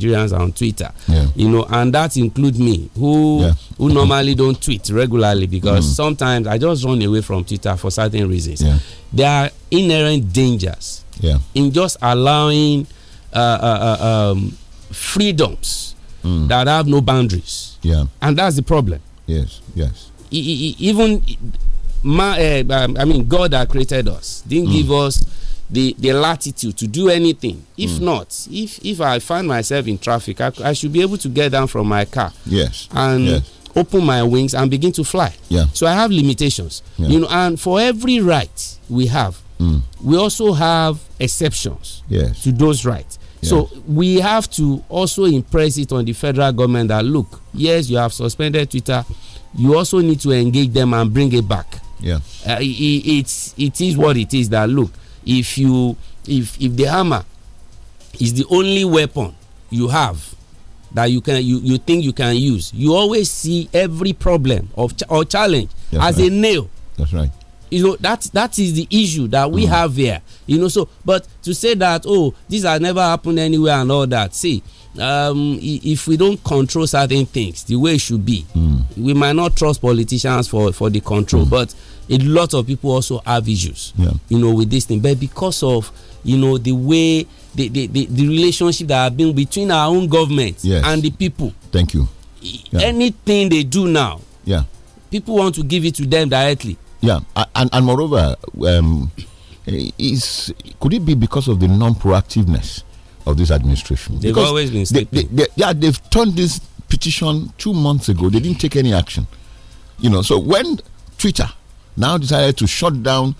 Nigerians on Twitter. Yeah. You know, and that includes me, who yeah. who normally don't tweet regularly because mm. sometimes I just run away from Twitter for certain reasons. Yeah. There are inherent dangers in just allowing uh, uh, uh, um, freedoms mm. that have no boundaries. and that's the problem. Yes, yes. even my, uh, I mean, God that created us didn't mm. give us the the latitude to do anything if mm. not if if i find myself in traffic I, I, should be able to get down from my car yes and yes. open my wings and begin to fly yeah so i have limitations yeah. you know and for every right we have mm. we also have exceptions yes. to those rights yes. so we have to also impress it on the federal government that look yes you have suspended twitter you also need to engage them and bring it back yeah uh, it, it's it is what it is that look if you if if the hammer is the only weapon you have that you can you, you think you can use you always see every problem of ch or challenge that's as right. a nail that's right you know that that is the issue that we mm. have here you know so but to say that oh this has never happened anywhere and all that see um, if we don't control certain things the way it should be mm. we might not trust politicians for for the control mm. but a lot of people also have issues yeah. you know with this thing but because of you know the way the the the, the relationship that have been between our own government yes. and the people thank you yeah. anything they do now yeah people want to give it to them directly yeah and and moreover um, is could it be because of the non-proactiveness of this administration they've because always been they, they, they, yeah they've turned this petition two months ago they didn't take any action you know so when twitter now decided to shut down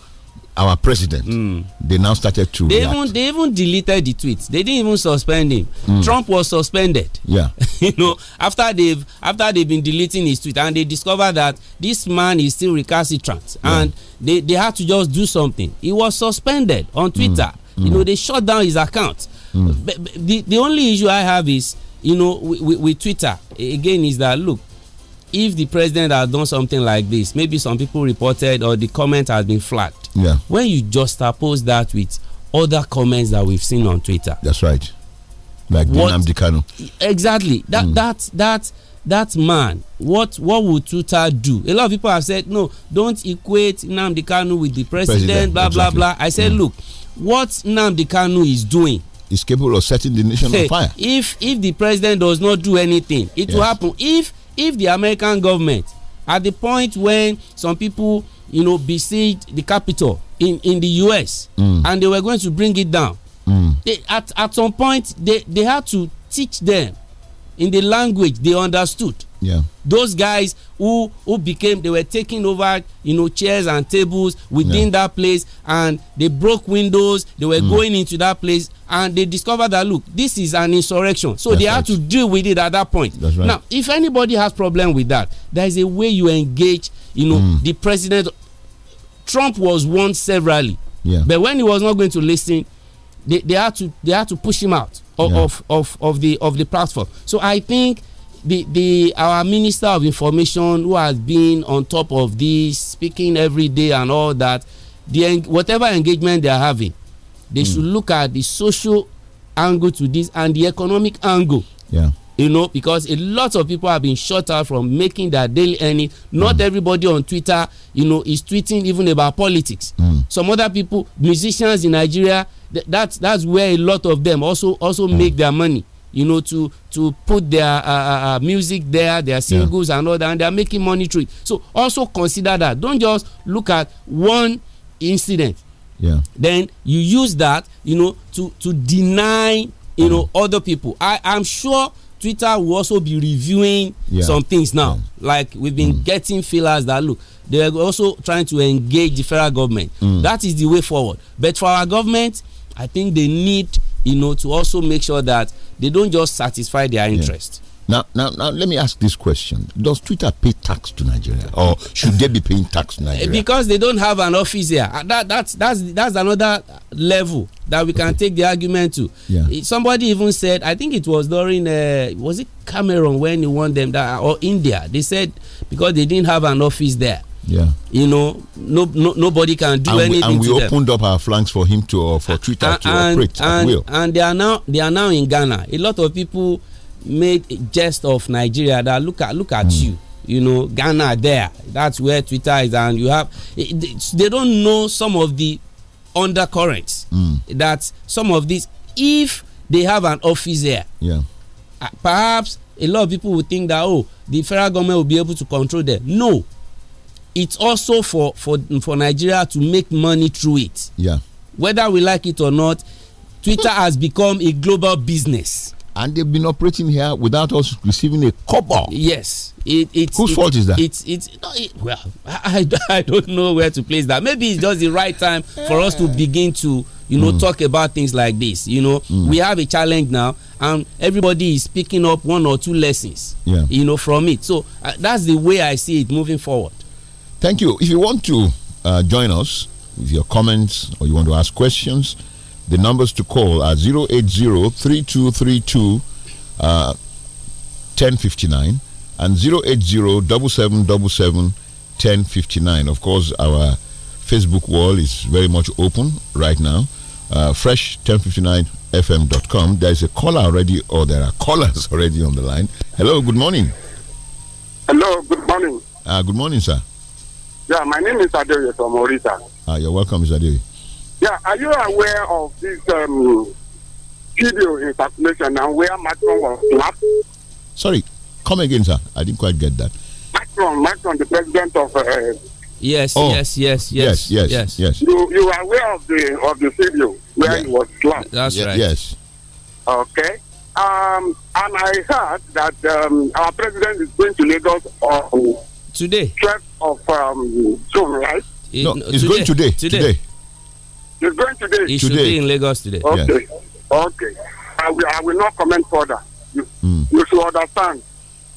our president. Mm. They now started to. They react. even they even deleted the tweets. They didn't even suspend him. Mm. Trump was suspended. Yeah. you know after they've after they've been deleting his tweet and they discovered that this man is still recalcitrant yeah. and they they had to just do something. He was suspended on hmm. Twitter. Mm. You hmm. know they shut down his account. Hmm. The the only issue I have is you know with, with Twitter again is that look if the president has done something like this, maybe some people reported or the comment has been flagged. Yeah. When you just oppose that with other comments that we've seen on Twitter. That's right. Like Dinam Dikano. Exactly. That mm. that that that man what what would twitter do a lot of people have said no don't equate nnamdi kanu with the president, president blah exactly. blah blah i said mm. look what nnamdi kanu is doing is capable of setting the nation on fire if if the president does not do anything it yes. will happen if if the american government at the point when some people you know besieged the capital in in the us mm. and they were going to bring it down mm. they, at at some point they they had to teach them in the language they understood yeah. Those guys who who became they were taking over you know chairs and tables within yeah. that place and they broke windows. They were mm. going into that place and they discovered that look this is an insurrection. So That's they right. had to deal with it at that point. Right. Now if anybody has problem with that, there is a way you engage you know mm. the president. Trump was warned severally. Yeah. But when he was not going to listen, they, they had to they had to push him out of, yeah. of, of, of the of the platform. So I think the the our minister of information who has been on top of this speaking every day and all that the whatever engagement they are having they mm. should look at the social angle to this and the economic angle yeah you know because a lot of people have been shut out from making their daily earning not mm. everybody on twitter you know is tweeting even about politics mm. some other people musicians in nigeria th that's that's where a lot of them also also hmm. make their money you know to to put their uh, uh, uh music there their singles yeah. and all that and they are making money through it so also consider that don't just look at one incident yeah then you use that you know to to deny you know uh-huh. other people i i'm sure twitter will also be reviewing yeah. some things now yeah. like we've been mm. getting feelers that look they are also trying to engage the federal government mm. that is the way forward but for our government i think they need you know, to also make sure that they don't just satisfy their interest. Yeah. Now, now, now, let me ask this question: Does Twitter pay tax to Nigeria, or should they be paying tax to Nigeria? Because they don't have an office here. Uh, that, that's that's that's another level that we can okay. take the argument to. Yeah. Uh, somebody even said, I think it was during uh, was it Cameron when he won them that, or India? They said because they didn't have an office there, yeah. You know, no, no nobody can do and anything. We, and we opened them. up our flanks for him to uh, for Twitter and, to and, operate and, at will. And they are now they are now in Ghana. A lot of people made jest of Nigeria that look at look at mm. you. You know, Ghana there. That's where Twitter is, and you have eh, they don't know some of the undercurrents mm. that some of these if they have an office there. Yeah. Ah, perhaps a lot of people would think that oh the federal government will be able to control them. No, it's also for for for nigeria to make money through it yeah whether we like it or not twitter has become a global business and they've been operating here without us receiving a copper. Yes, it, it's whose it, fault is that? It's it's no, it, well, I, I don't know where to place that. Maybe it's just the right time for us to begin to you know mm. talk about things like this. You know, mm. we have a challenge now, and everybody is picking up one or two lessons. Yeah. you know, from it. So uh, that's the way I see it moving forward. Thank you. If you want to uh, join us with your comments or you want to ask questions, the numbers to call are 080 3232 1059 uh, and 080 7777 1059. Of course, our Facebook wall is very much open right now. Uh, Fresh1059fm.com. There's a caller already, or there are callers already on the line. Hello, good morning. Hello, good morning. Uh, good morning, sir. Yeah, my name is Adewi from Orita. Ah, you're welcome, Mr. Yeah, are you aware of this um, video in circulation now where Macron was slapped? Sorry, come again, sir. I didn't quite get that. Macron, Macron, the president of. Uh, yes, oh. yes, yes, yes, yes, yes, yes, You you are aware of the of the video where yeah. he was slapped? That's yes, right. Yes. Okay. Um, and I heard that um, our president is going to Lagos on Today. 12th of um, June, right? It, eh, no, it's today. going today. Today. It's going today. It should be in Lagos today. Okay. Yes. Okay. I will, I will not comment further. You, mm. you should understand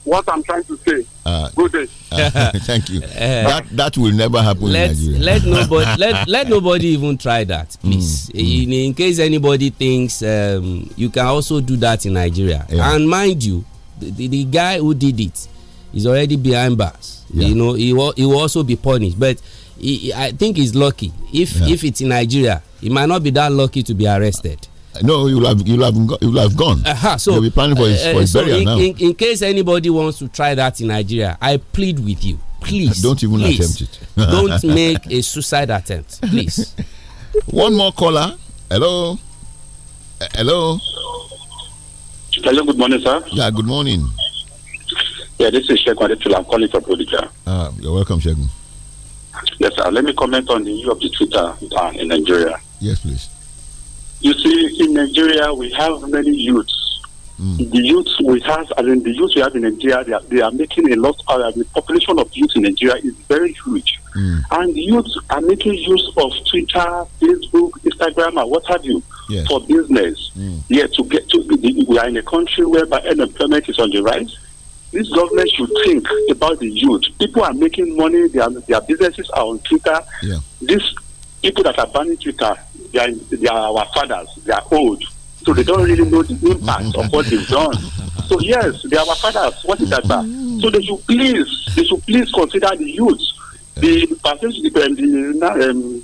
what I'm trying to say. Uh, Good day. Uh, thank you. Uh, that that will never happen let, in Nigeria. let nobody let, let nobody even try that, hmm. please. Mm, in, mm. in, case anybody thinks um, you can also do that in Nigeria, yeah. and mind you, the, the, the guy who did it is already behind bars yeah. you know he will he will also be punished but he, i think he's lucky if yeah. if it's in nigeria he might not be that lucky to be arrested no you'll have you'll have, you'll have gone uh -huh, so we will be planning for his, uh, for his so burial in, now in, in, case anybody wants to try that in nigeria i plead with you please don't even please, attempt it don't make a suicide attempt please one more caller hello hello hello good morning sir yeah good morning yeah, this is Shegun Adetula. I'm calling from Bodija. Ah, you're welcome, Shegun. Yes, sir. Let me comment on the use of the Twitter uh, in Nigeria. Yes, please. You see, in Nigeria, we have many youths. Mm. The youths we have, I mean, the youths we have in Nigeria, they are, they are making a lot. Uh, the population of youth in Nigeria is very huge, mm. and youths are making use of Twitter, Facebook, Instagram, and what have you yes. for business. Mm. Yeah, to get to, we are in a country where unemployment is on the rise this government should think about the youth. People are making money, their, their businesses are on Twitter. Yeah. These people that are banning Twitter, they are, they are our fathers, they are old. So they don't really know the impact of what they've done. So yes, they are our fathers. What is that about? So they should please, they should please consider the youth. The percentage, the, um,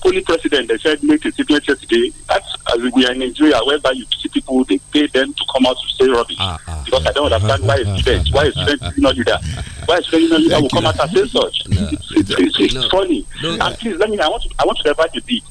polling president, they said make a statement yesterday. That's as we are in Nigeria, whereby you see people, they pay them to come out to say rubbish. Ah, ah, because yeah. I don't understand why a student, why a student is not leader, why a student is not will come out and say such. it's, funny. and please let me. I want to. I want to divide the. beat.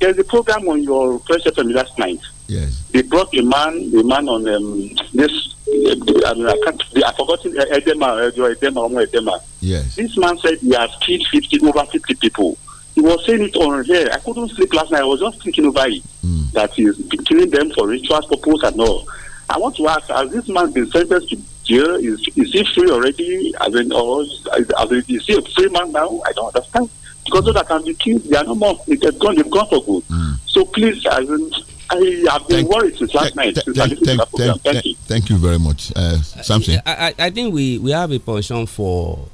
There's a program on your press FM last night. Yes. They brought a man, the man on um, this. I, mean, I can't. I've forgotten Edema. edema. edema, edema. Yes. This man said he has killed fifty over fifty people he was saying it on here. I couldn't sleep last night. I was just thinking about it. Mm. That he's been killing them for ritual purpose and all. I want to ask, has this man been sentenced to jail? Is, is he free already? As in, or is, as in, is he a free man now? I don't understand. Because those that can be killed, they are no more. They've gone, they've gone for good. Mm. So please, as in, I have been thank, worried since last night. thank, thank, thank, thank, you. thank you very much, uh, Samson. I, I, I think we, we have a pension for,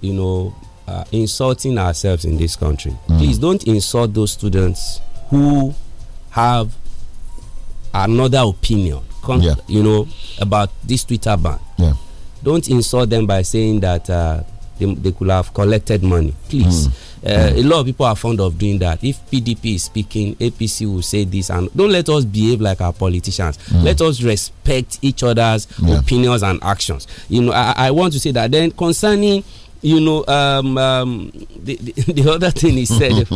you know, uh, insulting ourselves in this country. Mm. Please don't insult those students who have another opinion, yeah. you know, about this Twitter ban. Yeah. Don't insult them by saying that uh, they, they, could have collected money. Please. Mm. Uh, mm. a lot of people are fond of doing that. If PDP is speaking, APC will say this, and don't let us behave like our politicians. Mm. Let us respect each other's yeah. opinions and actions. You know, I, I want to say that. Then concerning you know, um, um, the, the, the other thing he said,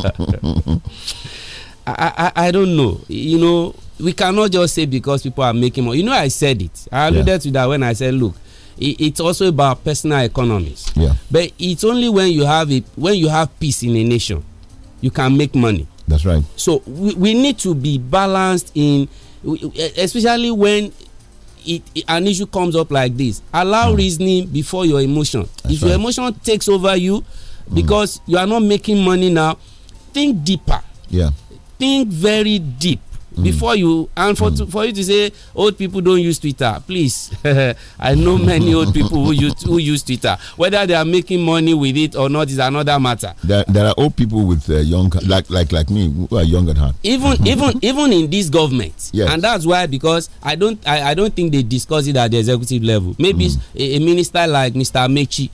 I, I, I don't know. You know, we cannot just say because people are making money. You know, I said it. I alluded yeah. to that when I said, look, it, it's also about personal economies. Yeah. But it's only when you have it, when you have peace in a nation, you can make money. That's right. So we, we need to be balanced in, especially when it, it, an issue comes up like this allow mm. reasoning before your emotion That's if right. your emotion takes over you mm. because mm. you are not making money now think deeper yeah think very deep Mm. before you and for to, for you to say old people don't use twitter please i know many old people who use who use twitter whether they are making money with it or not is another matter there, there are old people with uh, young like like like me who are young at heart even even even in this government yes. and that's why because i don't I, I don't think they discuss it at the executive level maybe mm. a, a, minister like mr mechi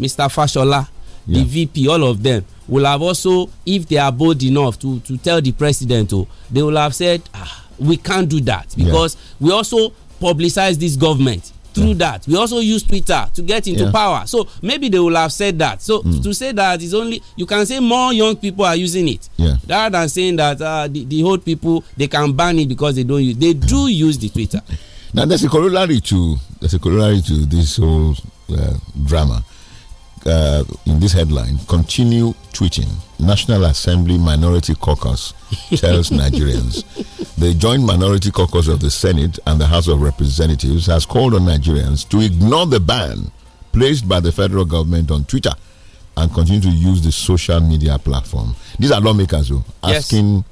mr fashola yeah. the vp all of them will have also if they are bold enough to to tell the president oh they will have said ah, we can't do that because yeah. we also publicize this government through yeah. that we also use twitter to get into yeah. power so maybe they will have said that so mm. to say that is only you can say more young people are using it yeah. rather than saying that uh, the, the old people they can ban it because they don't use they do use the twitter now there's a corollary to there's a corollary to this whole uh, drama uh, in this headline, continue tweeting. National Assembly Minority Caucus tells Nigerians. The joint minority caucus of the Senate and the House of Representatives has called on Nigerians to ignore the ban placed by the federal government on Twitter and continue to use the social media platform. These are lawmakers who asking yes.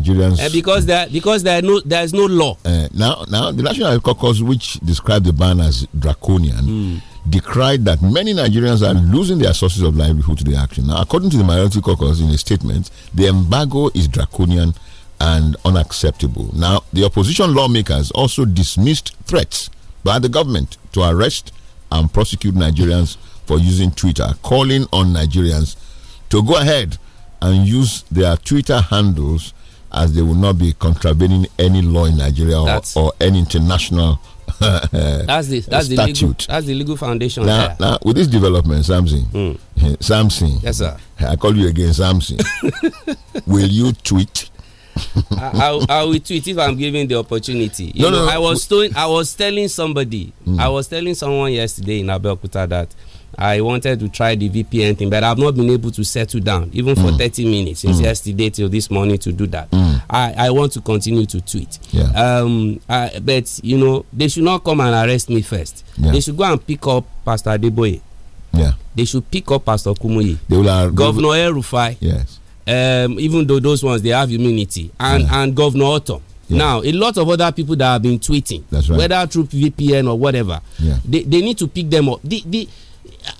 Nigerians uh, because there because there no there is no law. Uh, now now the National Caucus, which described the ban as draconian. Mm decried that many Nigerians are losing their sources of livelihood to the action. Now, according to the Minority Caucus in a statement, the embargo is draconian and unacceptable. Now, the opposition lawmakers also dismissed threats by the government to arrest and prosecute Nigerians for using Twitter, calling on Nigerians to go ahead and use their Twitter handles as they will not be contravening any law in Nigeria or, or any international that's the that's the legal that's the legal foundation. Now, there. now with this development, Samson, mm. Samson, yes sir, I call you again, Samson. will you tweet? I, I, I, will tweet if I'm given the opportunity. You no, know, no, I was doing, I was telling somebody, mm. I was telling someone yesterday in Abeokuta that I wanted to try the VPN thing, but I've not been able to settle down, even for mm. 30 minutes since mm. yesterday till this morning to do that. Mm. I, I want to continue to tweet. Yeah. Um, I, but, you know, they should not come and arrest me first. Yeah. They should go and pick up Pastor Adeboye. Yeah. They should pick up Pastor Kumuyi. They will are, Governor Rufai. Yes. Um, even though those ones, they have immunity. And, yeah. and Governor Otto. Yeah. Now, a lot of other people that have been tweeting, right. whether through VPN or whatever, yeah. they, they need to pick them up. The, the,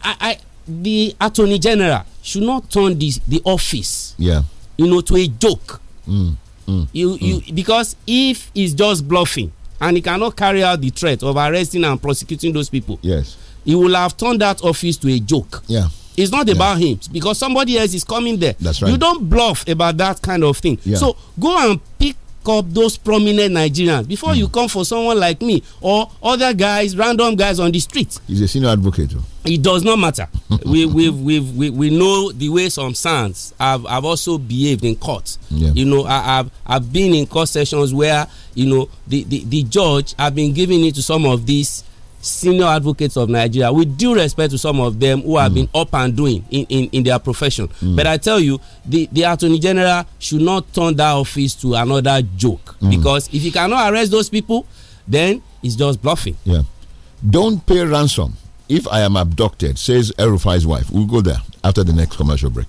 I, I, the attorney general should not turn this, the office yeah. you know to a joke mm, mm, you, mm. you, mm. because if he's just bluffing and he cannot carry out the threat of arresting and prosecuting those people yes he will have turned that office to a joke yeah it's not yeah. about him because somebody else is coming there. That's right. You don't bluff about that kind of thing. Yeah. So go and pick up those prominent Nigerians before mm. you come for someone like me or other guys, random guys on the street. He's a senior advocate. It does not matter. we, we we we we know the way some sons have, have also behaved in court. Yeah. You know, I, have I've been in court sessions where, you know, the, the, the judge have been giving it to some of these senior advocates of Nigeria, with due respect to some of them who have mm. been up and doing in, in, in their profession. Mm. But I tell you, the, the Attorney General should not turn that office to another joke mm. because if you cannot arrest those people, then it's just bluffing. Yeah. Don't pay ransom if I am abducted, says Erufai's wife. We'll go there after the next commercial break.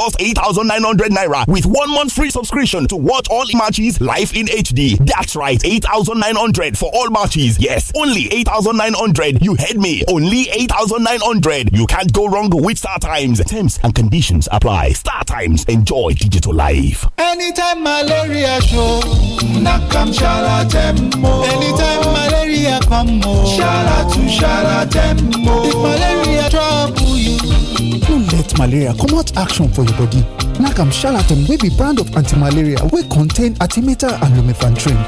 just 8,900 naira with one month free subscription to watch all matches live in HD. That's right, 8,900 for all matches. Yes, only 8,900. You heard me. Only 8,900. You can't go wrong with Star Times. Terms and conditions apply. Star Times. Enjoy digital life. Anytime malaria show, Nakam come shalatembo. Anytime malaria come, oh. shala to shalatembo. If malaria drop, no let malaria comot action for your body nakam charlatan wey be brand of anti-malaria wey contain artimata and lumefantrine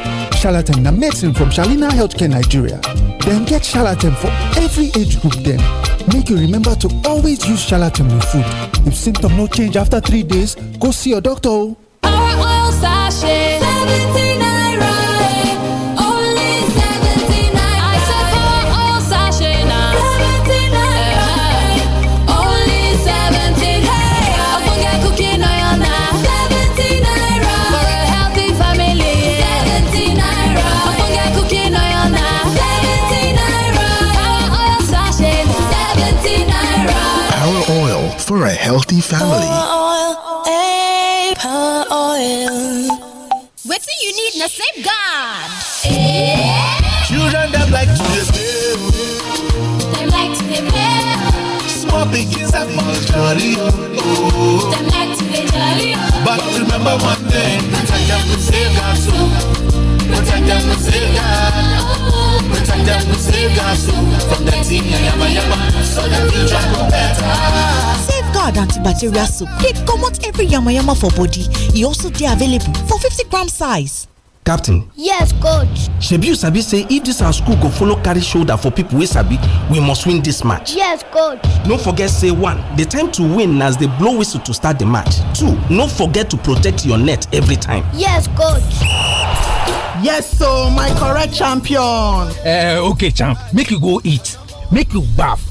charlatan na medicine from shalina healthcare nigeria dem get charlatan for every age group dem make you remember to always use charlatan with food if symptoms no change after three days go see your doctor our oil sachet. healthy family. do you need na safeguard. Children dem like to dey they like to dey Small pikin sef wan jolly they like to dey jolly But remember one thing, protect dem with safeguard too. Protect them with safeguard. Protect them with safeguard. soon. from that thing, yama yama, so the future will better. powered antibacterial soap come comot every yamayama for body It also dey available for fifty gram size. captain yes coach shebi you sabi say if this our school go follow carry shoulder for people, wey sabi we must win this match yes coach no forget say one The time to win as dey blow whistle to start the match two no forget to protect your net every time. yes coach yes so my correct champion eh okay champ make you go eat make you bath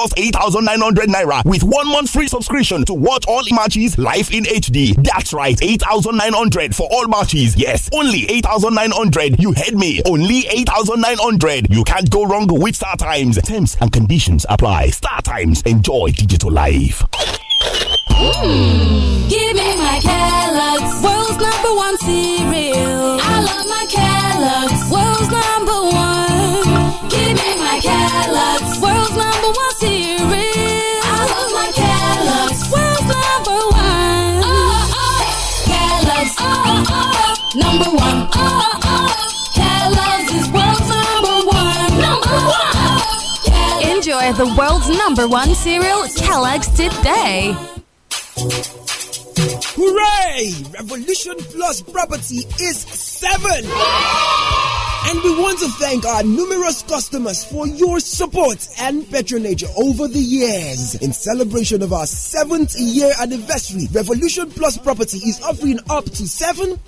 just 8,900 naira with one month free subscription to watch all matches live in HD. That's right, 8,900 for all matches. Yes, only 8,900. You heard me. Only 8,900. You can't go wrong with Star Times. Terms and conditions apply. Star Times. Enjoy digital life. Mm. Give me my Kellogg's, world's number one cereal. I love my Kellogg's, world's number one. Give me my Kellogg's. number one. Oh, oh. Kellogg's is world's number one. Number one. Enjoy the world's number one cereal, Kellogg's, today. Hooray! Revolution Plus Property is seven. And we want to thank our numerous customers for your support and patronage over the years. In celebration of our seventh year anniversary, Revolution Plus Property is offering up to 7%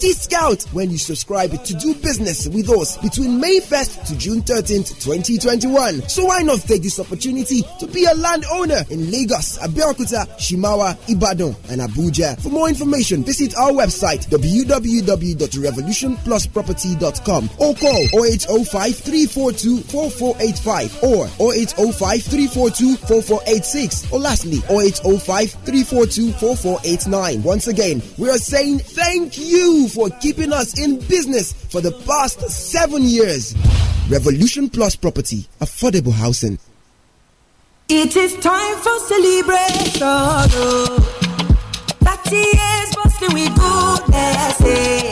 discount when you subscribe to do business with us between May 1st to June 13th, 2021. So why not take this opportunity to be a landowner in Lagos, Abeokuta, Shimawa, Ibadan, and Abuja? For more information, visit our website www.revolutionplusproperty.com com or call 0805 342 4485 or 0805 342 4486 or lastly 0805 342 4489. Once again, we are saying thank you for keeping us in business for the past seven years. Revolution Plus Property, affordable housing. It is time for celebration. 30 years bustling with goodness. Eh?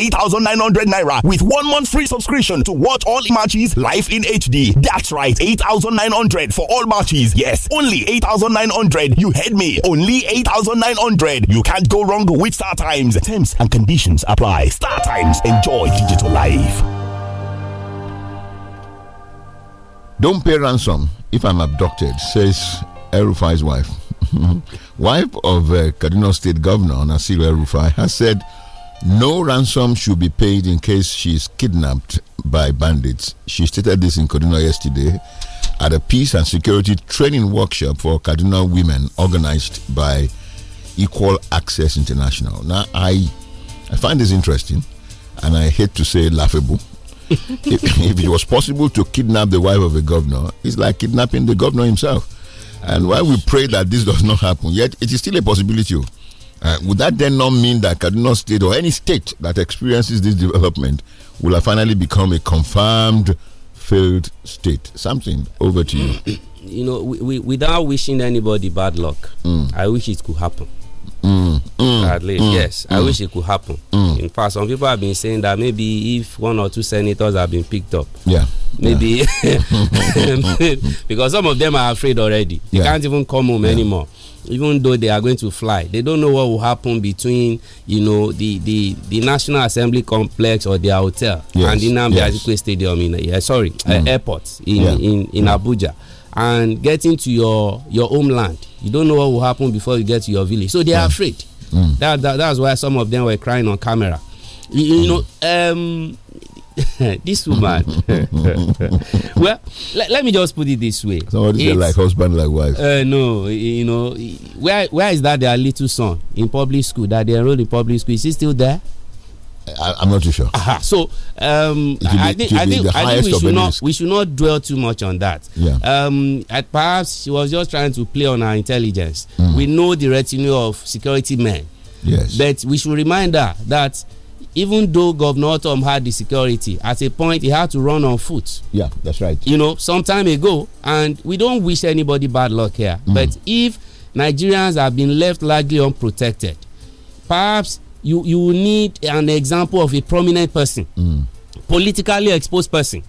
8,900 naira with one month free subscription to watch all matches live in HD. That's right, 8,900 for all matches. Yes, only 8,900. You heard me. Only 8,900. You can't go wrong with Star Times. Terms and conditions apply. Star Times. Enjoy digital life. Don't pay ransom if I'm abducted, says Erufai's wife. wife of uh, Kaduna State Governor Nasiru Erufai has said no ransom should be paid in case she is kidnapped by bandits. She stated this in Kaduna yesterday at a peace and security training workshop for Kaduna women organized by Equal Access International. Now, I, I find this interesting and I hate to say laughable. if, if, it was possible to kidnap the wife of a governor, it's like kidnapping the governor himself. And while we pray that this does not happen, yet it is still a possibility. Oh. Uh, would that then not mean that Kaduna State or any state that experiences this development will have finally become a confirmed failed state? Something over to you. You know, we, we, without wishing anybody bad luck, mm. I wish it could happen. Mm, mm, At least, mm, yes, I mm. wish it could happen. Mm. In fact, some people have been saying that maybe if one or two senators have been picked up, yeah, maybe yeah. because some of them are afraid already. They yeah. can't even come home yeah. anymore even though they are going to fly they don't know what will happen between you know the the the national assembly complex or their hotel yes, and the Nambi yes. stadium in sorry uh, mm. uh, airport in yeah. in, in yeah. Mm. abuja and getting to your your homeland you don't know what will happen before you get to your village so they are mm. afraid mm. That, that, that's why some of them were crying on camera you, you mm. know um this woman. well, let, let me just put it this way. Somebody said like husband, like wife. Uh, no, you know, where where is that their little son in public school that they enrolled in public school? Is he still there? I, am not too sure. Uh -huh. So um, be, I think I think, I think we should not we should not dwell too much on that. Yeah. Um, perhaps she was just trying to play on our intelligence. Mm. We know the retinue of security men. Yes. But we should remind her that even though Governor Tom had the security, at a point he had to run on foot. Yeah, that's right. You know, some time ago, and we don't wish anybody bad luck here. Mm. But if Nigerians have been left largely unprotected, perhaps you you need an example of a prominent person, mm. politically exposed person,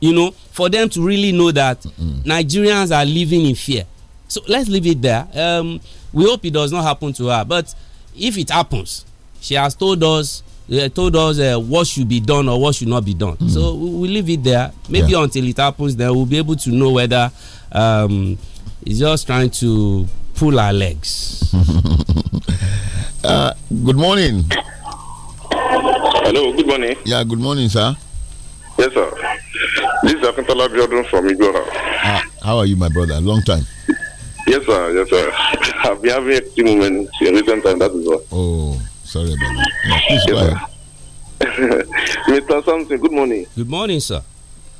you know, for them to really know that mm Nigerians are living in fear. So let's leave it there. Um, we hope it does not happen to her, but if it happens, she has told us they told us uh, what should be done or what should not be done. Mm. So we, we leave it there. Maybe yeah. until it happens, then we'll be able to know whether um, just trying to pull our legs. uh, good morning. Hello, good morning. Yeah, good morning, sir. Yes, sir. This is Akintola Biodun from Igora. Ah, how are you, my brother? Long time. Yes, sir. Yes, sir. I've been having a few moments in recent time, that is all. Oh. Sorry about that. please go ahead. Mr. Samson, good morning. Good morning, sir.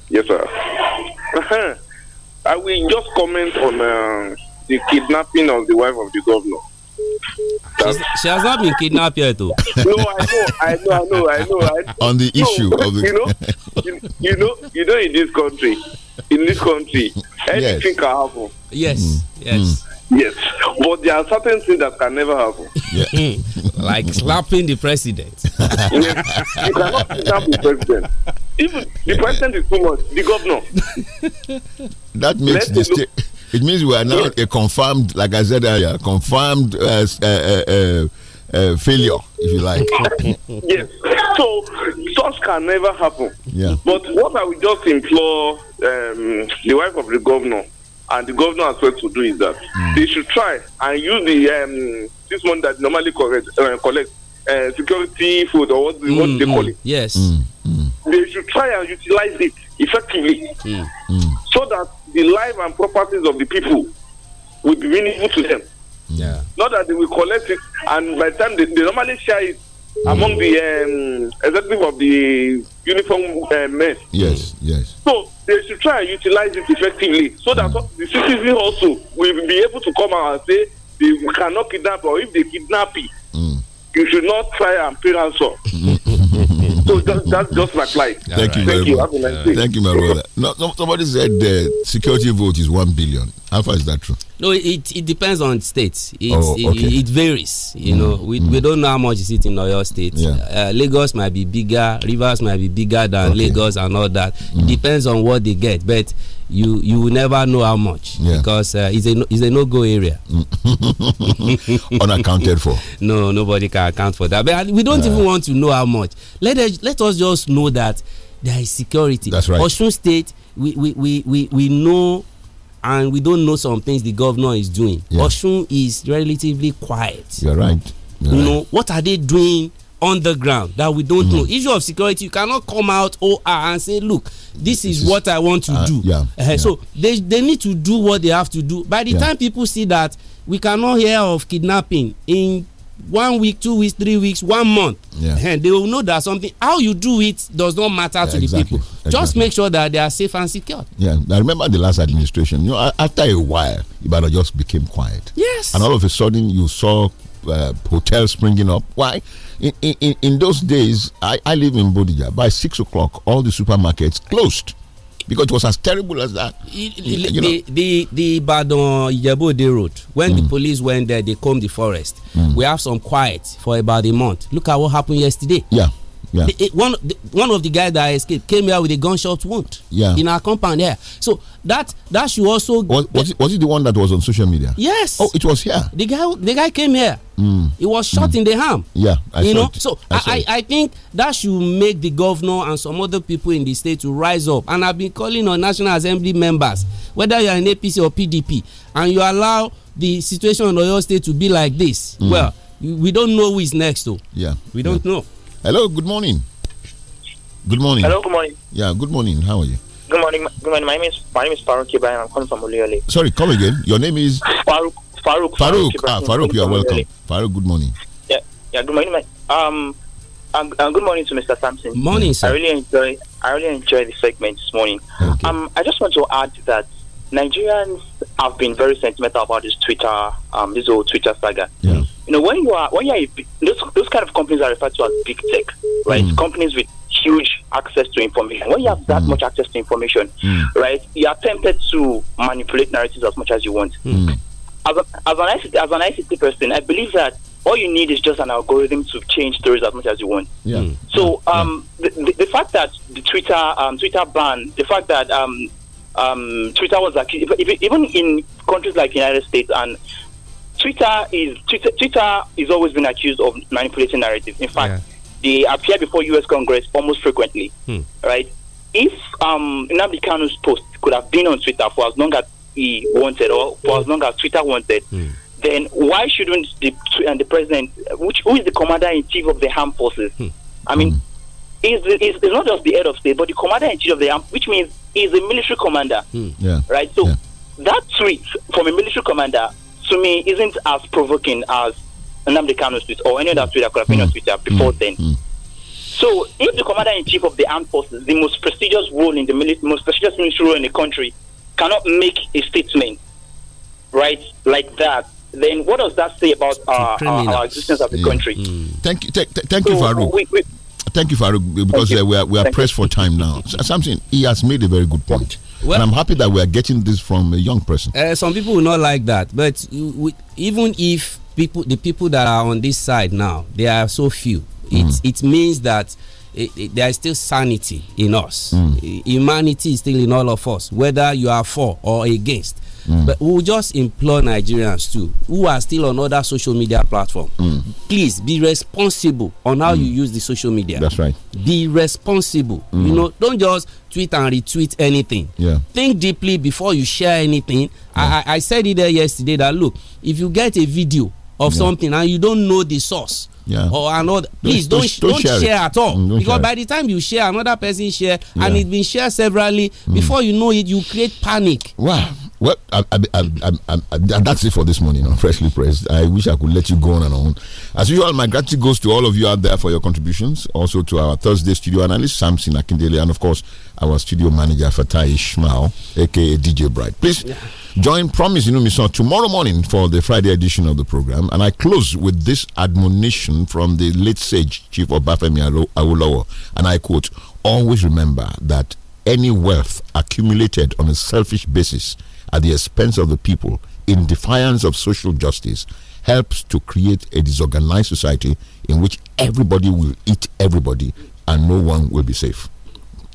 Yes, sir. I uh, will just comment on uh, the kidnapping of the wife of the governor. She has not been kidnapped yet, though. no, I know, I know, I know, I know. On the no, issue of the, you know, you, you, know, you know, in this country, in this country, anything yes. can happen. Yes, mm. yes. Mm. Yes, but there are certain things that can never happen. Yeah. Hmm. like slapping the president. yes, you cannot slap the president. Even the president is too much, the governor. That makes Let the It means we are now yes. a confirmed, like I said earlier, confirmed uh uh, uh, uh, uh, failure, if you like. yes. So such can never happen. Yeah. But what I would just implore um, the wife of the governor and the governor has said to do is that mm. they should try and use the um, this one that normally correct, uh, collect uh, security food or what, mm, what hmm, they call hmm, it. Yes. Hmm, they should try and utilize it effectively so that the life and properties of the people will be meaningful to them. Yeah. Not that they will collect it and by the time they, they normally share it among the um, executive of the uniform uh, men. Yes, yes. So they should try and utilize it effectively so that mm. the citizens also will be able to come out and say they cannot kidnap or if they kidnap it, mm. you should not try and pay ransom. So just, that's just my plight. Thank you, thank you. Have a nice day. Thank you, my brother. No, somebody said the uh, security vote is one billion. How far is that true? No, it, it depends on states. It, oh, okay. it, it, varies. You mm. know, we, mm. we don't know how much is it in Oyo State. Yeah. Uh, Lagos might be bigger, Rivers might be bigger than okay. Lagos and all that. Mm. It depends on what they get, but you you will never know how much yeah. because uh, it's a no, it's a no go area. Unaccounted for. No, nobody can account for that. But we don't yeah. even want to know how much. Let us let us just know that there is security. That's right. Osun State, we we we we, we know. And we don't know some things the governor is doing. Yeah. Osun is relatively quiet. You're right. You're you right. know what are they doing on the ground that we don't mm. know. Issue of security, you cannot come out or and say, look, this is, what I want to uh, do. Yeah, uh, yeah, So they, they need to do what they have to do. By the yeah. time people see that, we cannot hear of kidnapping in one week, two weeks, three weeks, one month. Yeah. And uh-huh. they will know that something, how you do it does not matter yeah, to the people. Exactly. Just make sure that they are safe and secure. Yeah. I remember the last administration, you know, after a while, Ibadan just became quiet. Yes. And all of a sudden, you saw uh, hotels springing up. Why? In, in, in those days, I, I live in Bodija. By six o'clock, all the supermarkets closed because it was as terrible as that. The you know? The the the Ibadan Ijebode road when mm. the police went there, they combed the forest. Mm. We have some quiet for about a month. Look at what happened yesterday. Yeah. Yeah. The, it, one the, one of the guys that escaped came here with a gunshot wound. Yeah. In our compound here, so that that should also. Was was it, was it the one that was on social media? Yes. Oh, it was here. The guy the guy came here. Mm. He was shot mm. in the arm. Yeah, I you know. It. So I, I, I, think that should make the governor and some other people in the state to rise up. And I've been calling on National Assembly members, whether you are in APC or PDP, and you allow the situation in Oyo State to be like this. Mm. Well, we don't know who is next, though. Yeah, we don't yeah. know. Hello, good morning. Good morning. Hello, good morning. Yeah, good morning. How are you? Good morning. Good morning. My name is my name is Faruk Ibrahim. I'm calling from Uliole. Sorry, come again. Your name is Faruk. Faruk. Faruk. Farouk ah, Faruk. You are welcome. Faruk. Good morning. Yeah. Yeah. Good morning. Um. Um, um, good morning to Mr. Sampson. Morning, sir. I really enjoy. I really enjoy the segment this morning. Okay. Um, I just want to add that Nigerians have been very sentimental about this Twitter, um, this whole Twitter saga. Yeah you know, when you are, when you are, those, those kind of companies are referred to as big tech, right? Mm. Companies with huge access to information. When you have that mm. much access to information, mm. right, you are tempted to manipulate narratives as much as you want. Mm. As, a, as, an ICT, as an ICT person, I believe that all you need is just an algorithm to change stories as much as you want. Yeah. Mm. So um, The, the, the, fact that the Twitter um, Twitter ban, the fact that um, um Twitter was actually even in countries like the United States and Twitter is Twitter, Twitter is always been accused of manipulating narratives. In fact, yeah. they appear before U.S. Congress almost frequently, hmm. right? If um, Nnamdi Kanu's post could have been on Twitter for as long as he wanted or for as long as Twitter wanted, hmm. then why shouldn't the and uh, the president, which who is the commander in chief of the armed forces? Hmm. I mean, hmm. is is not just the head of state, but the commander in chief of the armed, which means he's a military commander, hmm. yeah. right? So. Yeah that tweet from a military commander to me isn't as provoking as Namdi Kano's tweet or any other tweet I could have been on mm. Twitter before mm. then. Mm. So, if the commander in chief of the armed forces, the most prestigious role in the mili- most prestigious military role in the country, cannot make a statement, right, like that, then what does that say about our, our, our existence as a yeah. country? Mm. Thank you, th th thank so you, Farouk. Thank you, Farouk, because uh, we are, we are pressed you. for time now. Something he has made a very good point. Well, and I'm happy that we are getting this from a young person. Uh, some people will not like that, but we, even if people, the people that are on this side now, they are so few. It mm. it means that it, it, there is still sanity in us. Mm. Humanity is still in all of us, whether you are for or against. Mm. But we'll just implore Nigerians too, who are still on other social media platform. Mm. Please be responsible on how mm. you use the social media. That's right. Be responsible. You mm. know, don't just tweet and retweet anything. Yeah. Think deeply before you share anything. Yeah. I, I said it there yesterday that look, if you get a video of yeah. something and you don't know the source, yeah. or another please don't don't, don't, don't share, share at all mm, because by the time you share another person share yeah. and it's been shared severally mm. before you know it you create panic wow well, I, I, I, that's it for this morning on Freshly Pressed. I wish I could let you go on and on. As usual, my gratitude goes to all of you out there for your contributions. Also to our Thursday studio analyst, Samson Akindele, and of course, our studio manager, Fatai Ishmael, aka DJ Bright. Please yeah. join Promise Inumison tomorrow morning for the Friday edition of the program. And I close with this admonition from the late sage, Chief Obafemi Awolowo. And I quote, Always remember that any wealth accumulated on a selfish basis at the expense of the people in defiance of social justice helps to create a disorganized society in which everybody will eat everybody and no one will be safe.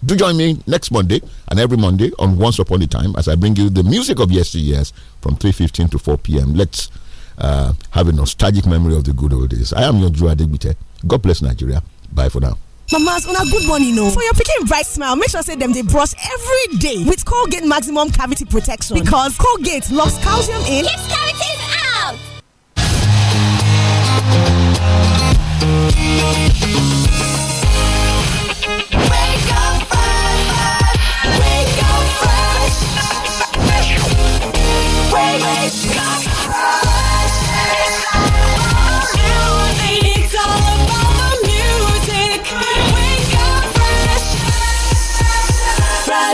Do join me next Monday and every Monday on Once Upon a Time as I bring you the music of yesteryears from 3.15 to 4 p.m. Let's uh, have a nostalgic memory of the good old days. I am your Drew Adegbite. God bless Nigeria. Bye for now. Mamas, on a good morning, you know. For your picking bright smile, make sure say them they brush every day with Colgate Maximum Cavity Protection because Colgate locks calcium in. Keeps cavities out. Wake up, fresh, wake up, fresh, wake,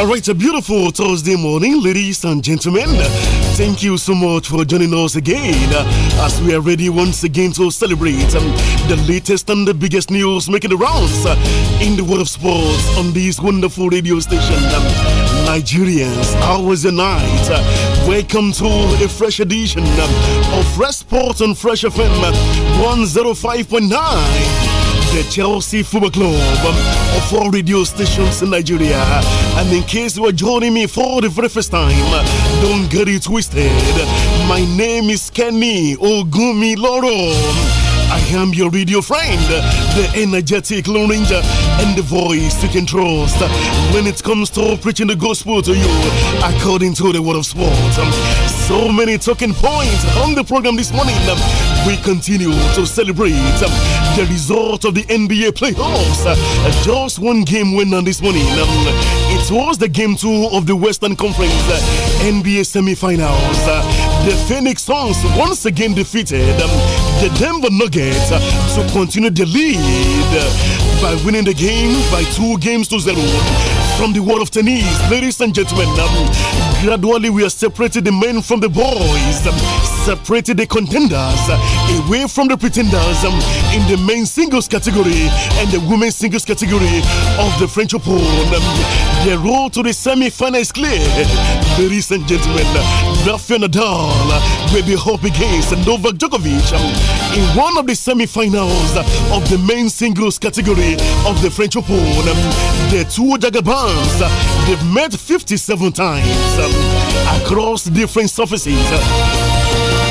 All right, a beautiful Thursday morning, ladies and gentlemen. Thank you so much for joining us again as we are ready once again to celebrate um, the latest and the biggest news making the rounds uh, in the world of sports on this wonderful radio station. Um, Nigerians, how was your night? Uh, welcome to a fresh edition um, of Fresh Sports on Fresh FM uh, 105.9 the Chelsea Football Club um, of four radio stations in Nigeria. And in case you are joining me for the very first time, don't get it twisted. My name is Kenny Ogumi Loro. I am your radio friend, the energetic Lone Ranger, and the voice you can trust when it comes to preaching the gospel to you according to the word of sport. Um, so many talking points on the program this morning. Um, we continue to celebrate the result of the NBA playoffs. Uh, just one game went on this morning. Um, it was the game two of the Western Conference uh, NBA semifinals. Uh, the Phoenix Suns once again defeated um, the Denver Nuggets to continue the lead by winning the game by two games to zero from the world of tennis. Ladies and gentlemen, um, gradually we are separating the men from the boys, um, separating the contenders uh, away from the pretenders um, in the men singles category and the women's singles category of the French Open. Um, the road to the semi-final is clear. Ladies and gentlemen, Rafael Nadal uh, will be up against Novak Djokovic um, in one of the semi-finals uh, of the men singles category of the French Open. the two Jagaban They've met 57 times um, across different surfaces.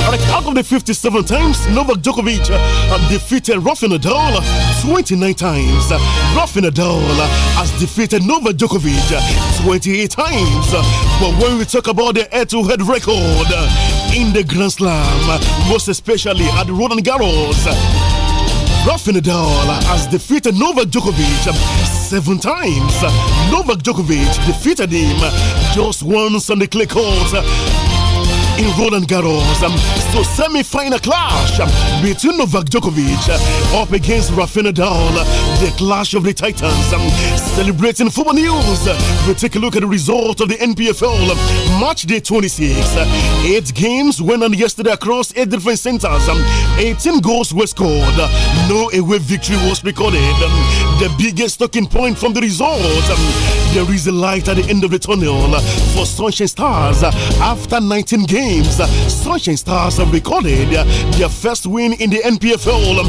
Like out of the 57 times, Novak Djokovic uh, defeated Rafael Nadal 29 times. Rafael Nadal has defeated Novak Djokovic 28 times. But when we talk about the head-to-head -head record in the Grand Slam, most especially at Roland Garros, Rafael Nadal has defeated Novak Djokovic seven times. Novak Djokovic defeated him just once on the clay court in Roland Garros. Um, so semi-final clash um, between Novak Djokovic uh, up against Rafael Nadal, uh, the clash of the titans. Um, celebrating football news, uh, we take a look at the result of the NPFL um, match day 26. Uh, eight games went on yesterday across eight different centers. Um, 18 goals were scored. Uh, no away victory was recorded. Um, the biggest talking point from the result. Um, there is a light at the end of the tunnel uh, for Sunshine Stars after 19 games teams. Sunshine Stars have recorded their first win in the NPFL um,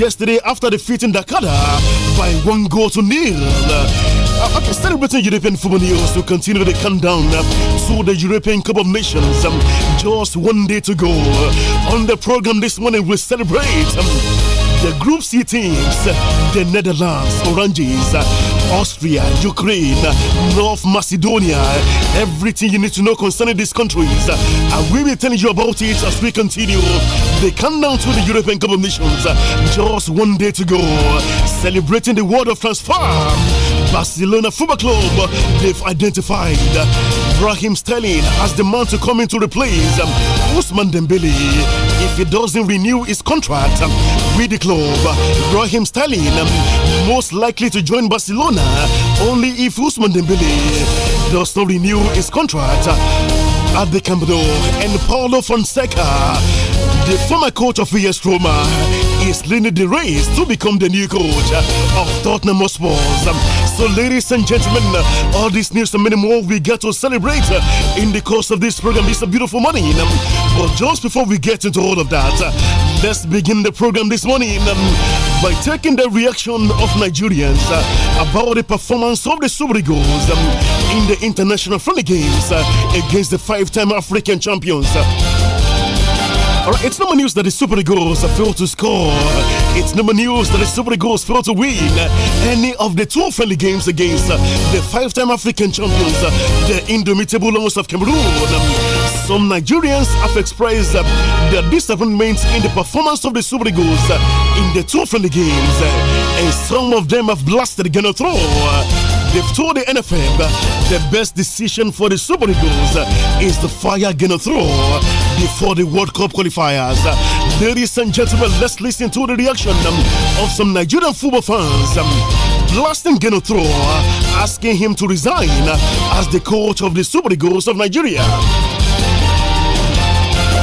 yesterday after defeating Dakada by one goal to nil. Uh, okay, celebrating European football news to continue the countdown uh, to the European Cup of Nations. Um, just one day to go. Uh, on the program this morning, we celebrate. Um, the Group C teams, the Netherlands, Oranges, Austria, Ukraine, North Macedonia, everything you need to know concerning these countries. And we will be telling you about it as we continue the countdown to the European Cup of Nations. Just one day to go, celebrating the world of transform. Barcelona Football Club, they've identified Raheem Sterling has the man to come in to replace um, Usman Dembele if he doesn't renew his contract um, with the club. Raheem Sterling um, most likely to join Barcelona only if Usman Dembele does not renew his contract uh, at the Camp Nou. And Paulo Fonseca, the former coach of AS Roma is leading the race to become the new coach of Tottenham Hotspur. So, ladies and gentlemen, all this news and many more we get to celebrate in the course of this program. It's a beautiful morning. But just before we get into all of that, let's begin the program this morning by taking the reaction of Nigerians about the performance of the Super Eagles in the international friendly games against the five-time African champions. Alright, it's number news that the Super Eagles failed to score. It's number news that the Super Eagles failed to win any of the two friendly games against the five time African champions, the indomitable Lions of Cameroon some Nigerians have expressed their disappointment in the performance of the Super Eagles in the two friendly games, and some of them have blasted Ghana through. They've told the NFM the best decision for the Super Eagles is to fire Ghana through before the World Cup qualifiers. Ladies and gentlemen, let's listen to the reaction um, of some Nigerian football fans um, blasting Genotro, uh, asking him to resign uh, as the coach of the Super Eagles of Nigeria.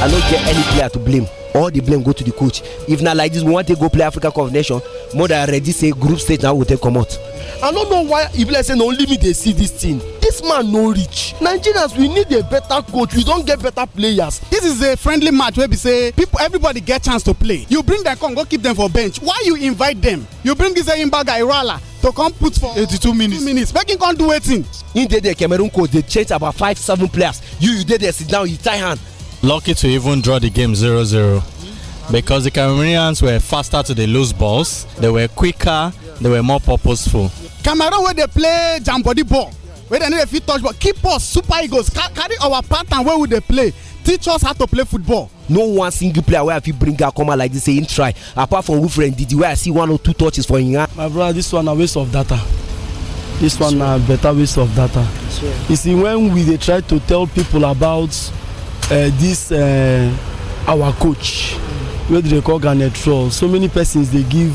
I don't get any player to blame. All the blame go to the coach. If not like this, we want to go play Africa Cup of Nations. More than already say group stage now will take come out. I don't know why If Ibile say only me, they see this thing. This man no rich. Nigerians we need a better coach. We don't get better players. This is a friendly match where we say people everybody get chance to play. You bring them come go keep them for bench. Why you invite them? You bring this Eyimbaga Irala to come put for eighty-two minutes minutes Making can't do anything. In dey there cameroon coach they change about five seven players you you dey there sit down you tie hand lucky to even draw the game 0 0 because the Cameroonians were faster to the loose balls, they were quicker, they were more purposeful. Cameroon, where they play jump body ball, where they need a fit touch ball, keep us super egos, carry our pattern where would they play, teach us how to play football. no one single player where i fit bring a comma like this say him try apart from wilfred Didi. Where i see one or two touches for him my brother this one a waste of data this one a better waste of data you see when we they try to tell people about uh, this uh, our coach wey dey call garnet troll so many persons dey give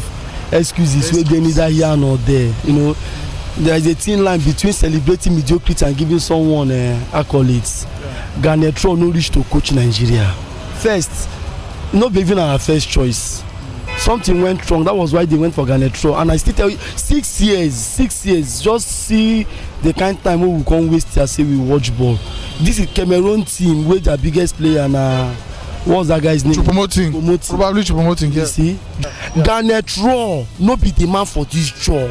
excuses wey dey neither here nor there you know there is a thin line between celebrating mediocrity and giving someone uh, accolades yeah. garnet troll no reach to coach nigeria first no be even our first choice something went wrong that was why they went for garnet troll and i still tell you six years six years just see the kind time wey we come waste as say we watch ball this is cameroon team wey their biggest player na what's that guy's name chupomoting chupomoting probably chupomoting yeah. you see yeah. garnetron no be the man for this job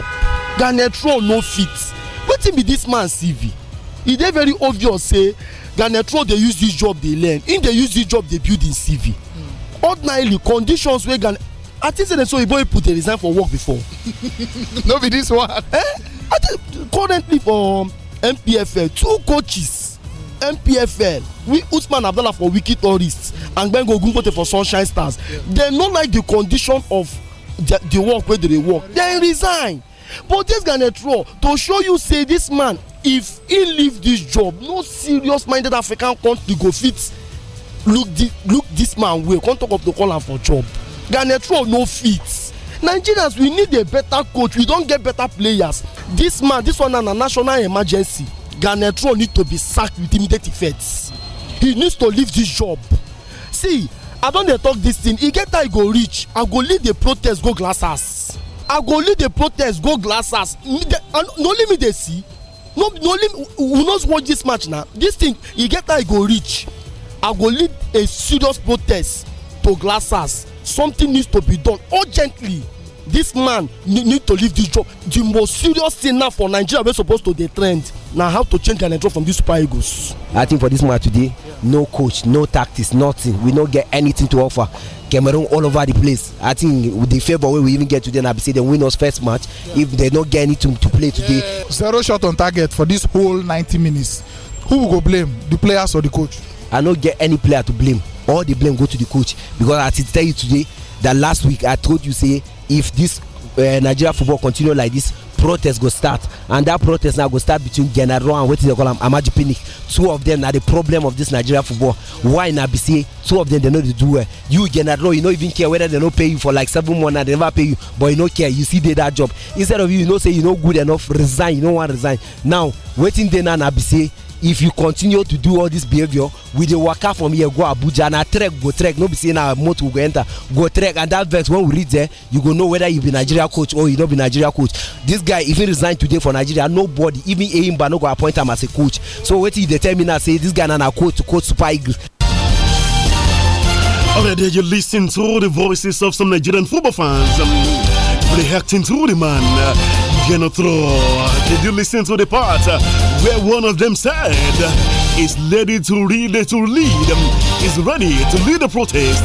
garnetron no fit wetin be this man cv e dey very obvious say garnetron dey use this job dey learn him dey use this job dey build him cv ordinarily conditions wey gan I think say so Ibo put dey resign for work before. no be this one. Eh? I think currently for MPFL um, two coaches MPFL we Usman Abdallah for wicked tourists and Gbengo Ogunbote for sunshine stars yeah. dem no like the condition of the, work wey dey dey work dem resign but this ganetro to show you say this man if he leave this job no serious minded african country go fit look, di look this man well come talk up to call am for job garnet rowe no fit nigerians we need a better coach we don get better players this man this one na na national emergency garnet rowe need to be sacked with immediate effect he needs to leave this job see i don dey talk this thing e get how e go reach i go lead the protest go glass house i go lead the protest go glass house no only me dey see no no only we no watch this match na this thing e get how e go reach i go lead a serious protest to glass house something needs to be done urgently this man need to leave this job the most serious thing now for nigeria wey suppose to dey trend na how to change their nigeria from these super eagles. i think for this match today no coach no tactics nothing we no get anything to offer cameroon all over the place i think the favour wey we even get today na be say dem win us first match yeah. if dem no get anything to play today. Yeah. zero shot on target for this whole ninety minutes who we go blame the players or the coach. i no get any player to blame all the blame go to the coach because as i tell you today that last week i told you say if this uh, nigeria football continue like this protest go start and that protest now go start between general and wetin dey call am amaju pinnick two of them na the problem of this nigeria football why na be say two of them dey no dey do well you general you no even care whether they no pay you for like seven months and dem never pay you but you no care you still dey that job instead of you you know say you no good enough resign you no wan resign now wetin dey now na be say if you continue to do all this behaviour we dey waka from here go abuja na trek go trek no be say na motor we go enter go trek and that vex when we reach there you go know whether you be nigeria coach or you no be nigeria coach this guy even resign today for nigeria nobody even enyimba no go appoint am as a coach so wetin you dey tell me now say this guy na na coach to coach super eagles. Already you listen to the voices of some Nigerian football fans um, reacting to the man. Piano Did you listen to the part where one of them said, Is ready to lead, to lead, is ready to lead the protest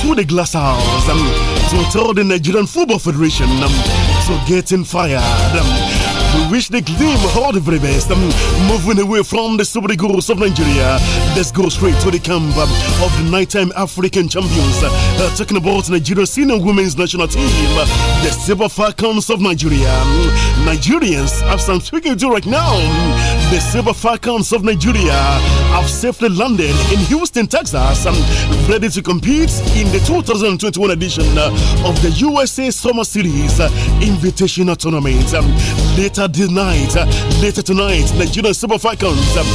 through the glass house to tell the Nigerian Football Federation to get him fired? We wish the team all the very best. Um, moving away from the Super girls of Nigeria, let's go straight to the camp um, of the nighttime African champions. Uh, talking about Nigeria senior women's national team, uh, the Silver Falcons of Nigeria. Um, Nigerians, as I'm speaking to you right now, um, the Silver Falcons of Nigeria have safely landed in Houston, Texas, um, ready to compete in the 2021 edition uh, of the USA Summer Series uh, Invitational Tournament. Um, later Saturday night, later tonight, Nigerian Super Falcons um,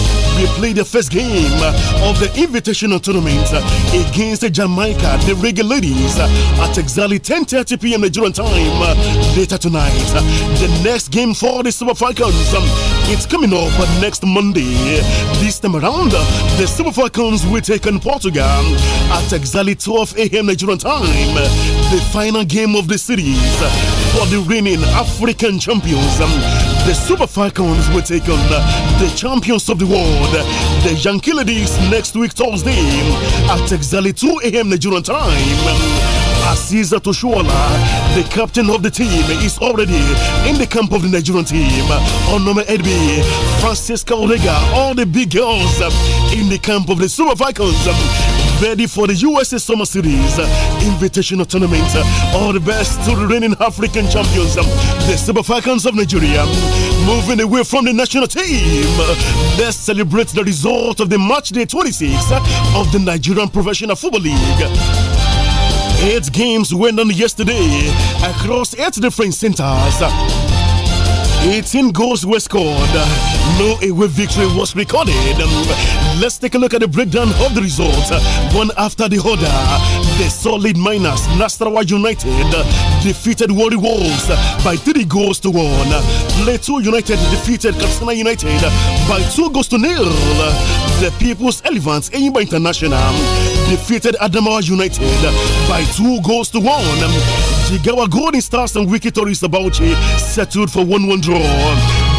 will play the first game of the Invitational Tournament against Jamaica, the Reggae Ladies, at exactly 10.30 p.m. Nigerian time uh, later tonight. The next game for the Super Falcons, um, it's coming up next Monday. This time around, the Super Falcons will take on Portugal at exactly 12 a.m. Nigerian time. The final game of the series for the reigning African champions. Um, the Super Falcons will take on uh, the champions of the world, the Yankee Ladies, next week, Thursday, um, at exactly 2 a.m. Nigerian time. Um, Asisa Toshuola, the captain of the team, is already in the camp of the Nigerian team. Onome b Francisca Orega, all the big girls um, in the camp of the Super Falcons ready for the USA Summer Series Invitational Tournament. All the best to the reigning African champions, the Super Falcons of Nigeria. Moving away from the national team, let's celebrate the result of the match day 26 of the Nigerian Professional Football League. Eight games went on yesterday across eight different centers. 18 goals were scored. No away victory was recorded. Let's take a look at the breakdown of the results, one after the other. The solid miners, Nasrawa United, defeated Warri Wolves by three goals to one. Plateau United defeated Katsina United by two goals to nil. The People's Elephants, Aimba International, defeated Adamawa United by two goals to one. Jigawa Golden Stars and Wiki Tourist Bauchi settled for 1 1 draw.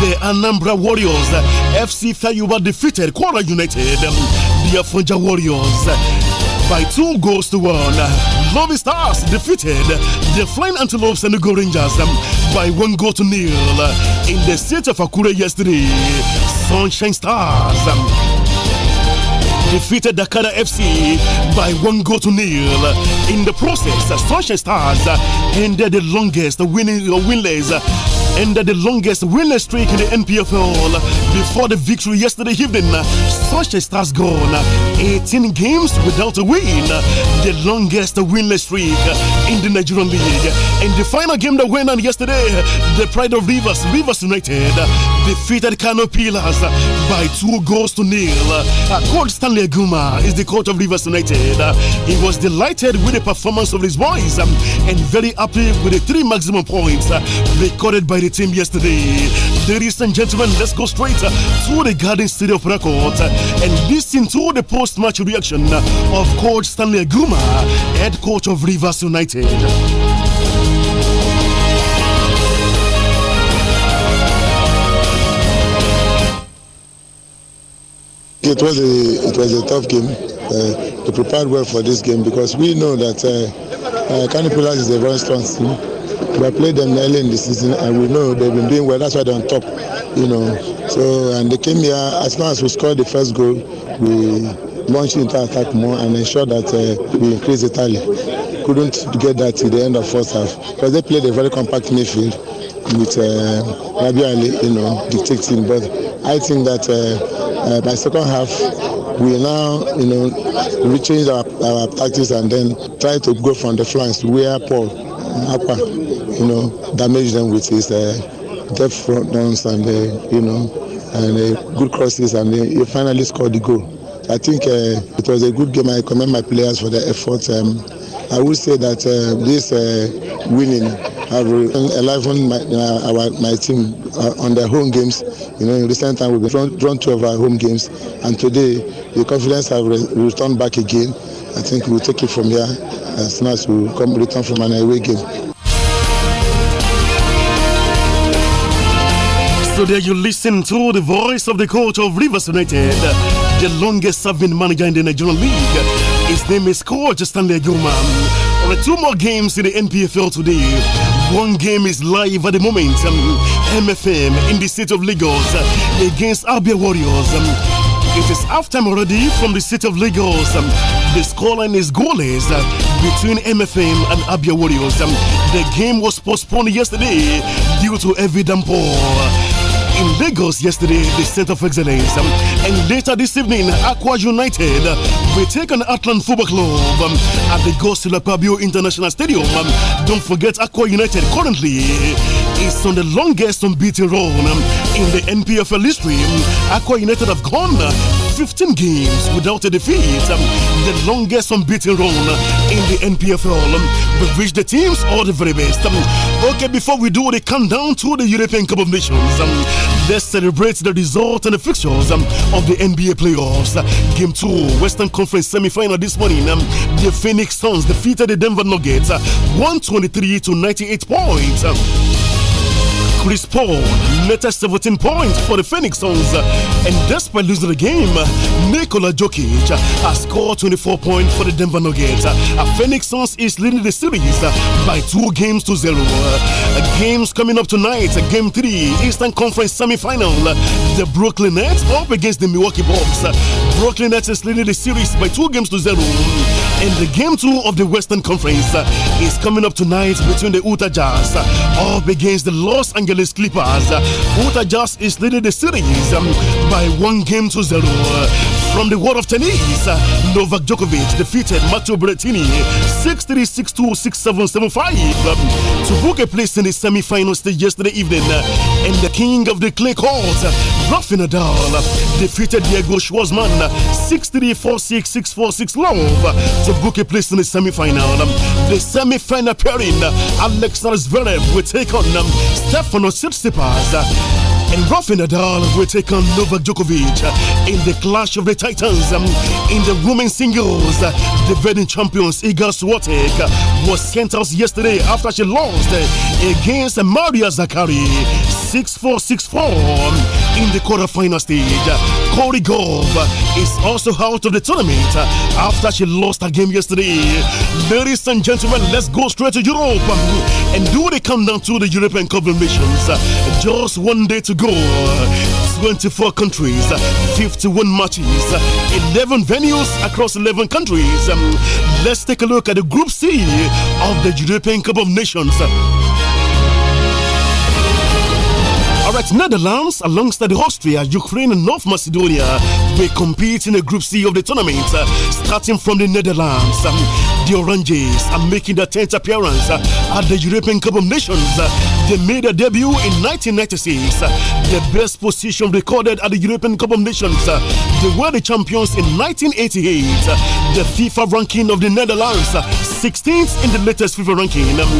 The Anambra Warriors, FC Fayuba defeated Quora United, the Afonja Warriors by two goals to one. lovey Stars defeated the Flying Antelopes and the Go Rangers um, by one goal to nil in the city of Akure yesterday. Sunshine Stars um, defeated Dakar FC by one goal to nil. In the process, Sunshine Stars ended the longest winning uh, winless ended the longest winless streak in the NPFL before the victory yesterday evening. Sanchez has gone 18 games without a win, the longest winless streak in the Nigerian League. In the final game that went on yesterday, the Pride of Rivers, Rivers United, defeated Kano Pillars by two goals to nil. Coach uh, Stanley Aguma is the coach of Rivers United. He was delighted with the performance of his boys um, and very happy with the three maximum points uh, recorded by the team yesterday. Ladies and gentlemen, let's go straight uh, to the Garden City of Records uh, and listen to the post match reaction uh, of coach Stanley Aguma, head coach of Rivers United. It was a it was a tough game. Uh, we prepared well for this game because we know that uh, uh, Canipulas is a very strong team. We played them early in the season, and we know they've been doing well. That's why they're on top, you know. So, and they came here as long as we scored the first goal, we launched into attack more and ensured that uh, we increased the tally. Couldn't get that to the end of first half because they played a very compact midfield with uh, Rabi Ali, you know, dictating. But I think that uh, uh, by second half, we now, you know, we changed our, our tactics and then try to go from the flanks where Paul Aqua you know, damage them with his uh, depth front downs and, uh, you know, and uh, good crosses, and uh, he finally scored the goal. I think uh, it was a good game. I commend my players for their effort. Um, I would say that uh, this uh, winning have enlivened my, uh, our, my team uh, on their home games. You know, in recent time we've been drawn, drawn two of our home games, and today the confidence have re- returned back again. I think we'll take it from here as soon as we come return from an away game. So there you listen to the voice of the coach of Rivers United, the longest serving manager in the Nigerian League. His name is Coach Stanley Gilman. Only right, two more games in the NPFL today. One game is live at the moment. Um, MFM in the state of Lagos against Abia Warriors. Um, it is halftime already from the City of Lagos. Um, the scoreline is goalless uh, between MFM and Abia Warriors. the game was postponed yesterday due to heavy downpour in Lagos yesterday, the state of excellence. Um, and later this evening, Aqua United will take on Atlant Football Club um, at the Gosula Pabio International Stadium. Um. don't forget, Aqua United currently is on the longest unbeaten run in the NPFL history. Aqua United have gone 15 games without a defeat, um, the longest unbeaten run in the NPFL. Um, we've the teams all the very best. Um, okay, before we do the countdown to the European Cup of Nations, um. let's celebrate the result and the fixtures um, of the NBA playoffs. Uh, game 2, Western Conference Semifinal this morning. Um. the Phoenix Suns defeated the Denver Nuggets uh, 123 to 98 points. Chris Paul, latest 17 points for the Phoenix Suns. And despite losing the game, Nikola Jokic has scored 24 points for the Denver Nuggets. Phoenix Suns is leading the series by two games to zero. Games coming up tonight, game three, Eastern Conference semifinal. The Brooklyn Nets up against the Milwaukee Bucks. Brooklyn Nets is leading the series by two games to zero. And the game two of the Western Conference is coming up tonight between the Utah Jazz up against the Los Angeles Angeles Clippers, Utah Jazz is leading the series um, by one game to zero. From the world of tennis, Novak Djokovic defeated Matteo Berrettini 6-3, 6-2, 6-7, 7-5 to book a place in the semi-final stage yesterday evening. And the king of the clay court, Rafael Nadal, defeated Diego Schwartzman 6-3, 4-6, 6-4, 6 love to book a place in the semi-final. Um, the semi-final pairing, Alexander Zverev will take on um, Stefano Tsitsipas. And Rafael Nadal will take on Novak Djokovic in the clash of the titans. Um, in the women's singles, defending champions Iga Swiatek was sent out yesterday after she lost against Maria Zakari 6-4-6-4 um, in the quarterfinal stage. Corey Gove is also out of the tournament after she lost her game yesterday. Ladies and gentlemen, let's go straight to Europe um, and do the countdown to the European Cup of Nations. Just one day to goal. 24 countries, 51 matches, 11 venues across 11 countries. Um, let's take a look at the Group C of the European Cup of Nations. All right, Netherlands alongside Austria, Ukraine, and North Macedonia will compete in the Group C of the tournament, uh, starting from the Netherlands. Um, the Oranges are making their 10th appearance uh, at the European Cup of Nations. Uh, they made their debut in 1996. Uh, the best position recorded at the European Cup of Nations. Uh, they were the champions in 1988. Uh, the FIFA ranking of the Netherlands, 16th in the latest FIFA ranking. Um,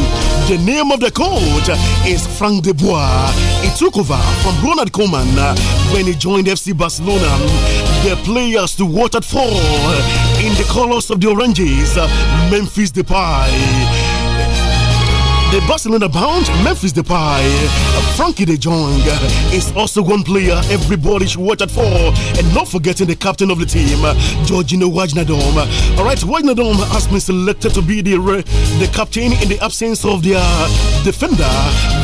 the name of the coach is Frank de Boer took over from Ronald Koeman uh, when he joined FC Barcelona. The players to watch out for in the colors of the Oranges, uh, Memphis Depay. The bustle in the bound, Memphis Depay, Frankie De Jong is also one player everybody should watch out for. And not forgetting the captain of the team, Georgino Wajnadom. All right, Wajnadom has been selected to be the, the captain in the absence of their defender,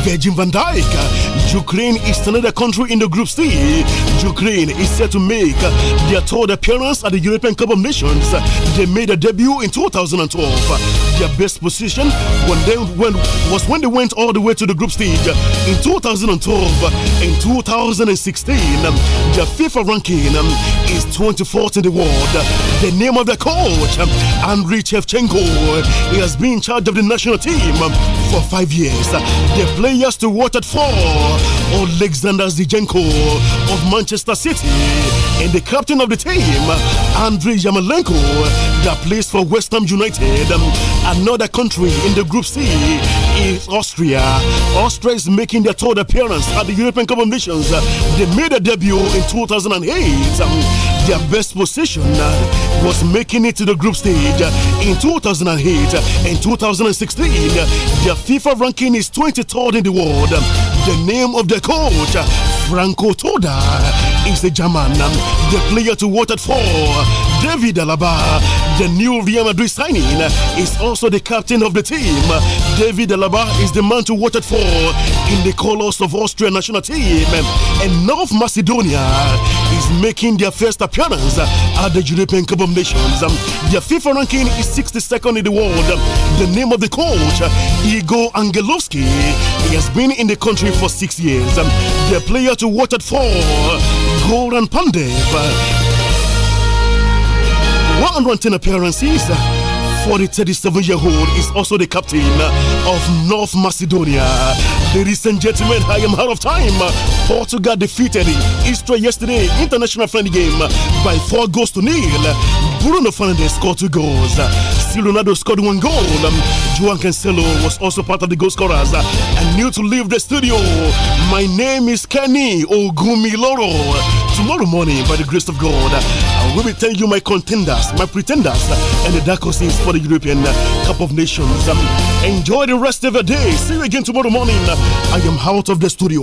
Virgin van Dijk. Ukraine is another country in the Group C. Ukraine is set to make their third appearance at the European Cup of Nations. They made a debut in 2012 their best position when they when was when they went all the way to the group stage in 2012 and 2016. Their FIFA ranking is 24th in the world. The name of the coach, Andriy Shevchenko, he has been in charge of the national team for five years. The players to watch at four: Alexander Zijenko of Manchester City and the captain of the team, Andriy Yamalenko, that plays for West Ham United. Another country in the Group C is Austria. Austria is making their third appearance at the European competitions They made a debut in 2008. Their best position uh, was making it to the group stage uh, in 2008 and uh, 2016. Their FIFA ranking is 23rd in the world. Um, the name of the coach, Franco Toda, is the German. Um, the player to watch out for. David Alaba, the new Real Madrid signing, is also the captain of the team. David Alaba is the man to watch out for in the colours of Austrian national team. Um, and North Macedonia is making their first appearance appearance at uh, the European Cup of Nations. Um, Their FIFA ranking is 62nd in the world. Um, the name of the coach, uh, Igor Angelovsky, he has been in the country for six years. Um, the player to watch out for, Goran Pandev. Uh, 110 appearances. 40 37 year old is also the captain of North Macedonia. Ladies and gentlemen, I am out of time. Portugal defeated Israel yesterday, international friendly game, by 4 goals to nil. Bruno Fernandes scored two goals. See, Ronaldo scored one goal. Um, Juan Cancelo was also part of the goal scorers uh, and new to leave the studio. My name is Kenny Ogumiloro tomorrow morning by the grace of God. I will be telling you my contenders, my pretenders, and the dark horses for the European Cup of Nations. Um, enjoy the rest of your day. See you again tomorrow morning. I am out of the studio.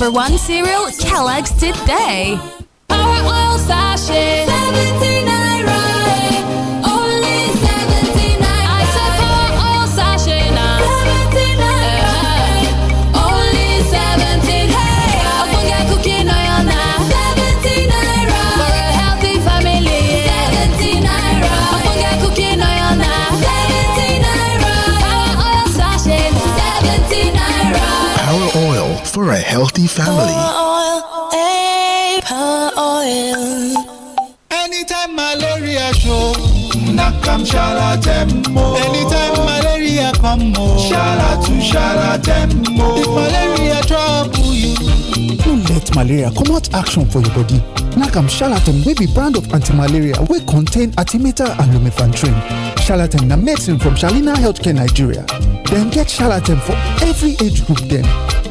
number one cereal, Kellogg's Today. Power oil healthy family. Oil, eh, oil, Anytime malaria show, come am shalatemmo. Anytime malaria come, to shalatu shalatemmo. If malaria trouble you, don't let malaria Come out action for your body. Nack am shalatem wey be brand of anti-malaria wey contain artimata and lumefantrine. Shalatem na medicine from Shalina Healthcare Nigeria. Then get shalatem for every age group then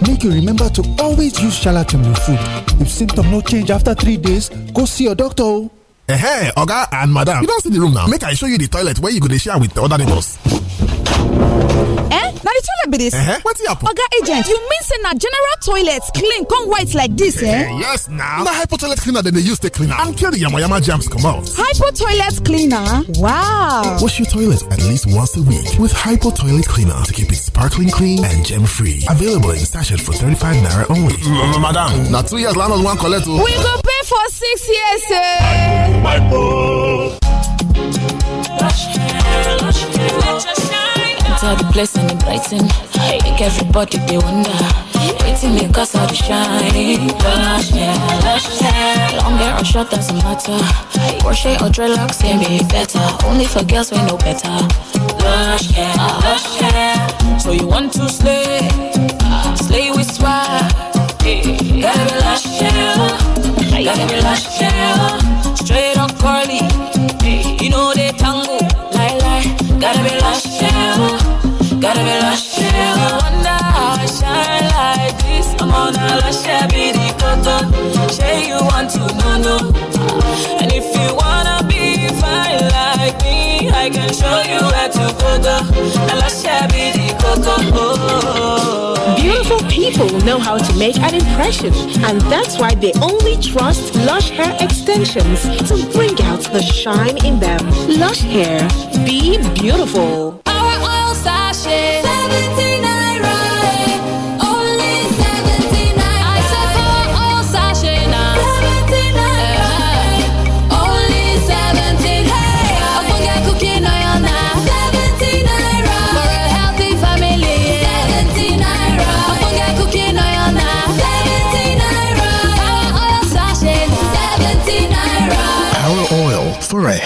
make you remember to always use to with food if symptoms no change after three days go see your doctor eh, Hey, oga and madam you don't see the room now make i show you the toilet where you go dey share with the other neighbors. eh na the toilet be dis eh what happen. oga agent you mean say na general toilets clean come white like this, eh? eh yes na na hypo toilet cleaner than they use to clean am and kill the yamayama jams come out. hypo toilet cleaner wow wash your toilet at least once a week with hypo toilet cleaner to keep it sparkling clean and germ free available in sachet for 35 naira only madam now two years land wan one o oh. we go pay for six years eh enter the place and it brighten. Make everybody they wonder. Waiting me cause I shine. Lush, yeah, lush, yeah. Long hair or short doesn't matter. Crochet or dreadlocks can be better. Only for girls we know better. Lush, yeah, lush, yeah. So you want to slay? Ah, slay with swag. Gotta be lush, yeah. Gotta be lush, yeah. be the Say you want to know, no. And if you wanna be fine like me, I can show you where to go, be the oh. Beautiful people know how to make an impression, and that's why they only trust Lush Hair Extensions to bring out the shine in them. Lush Hair, be beautiful.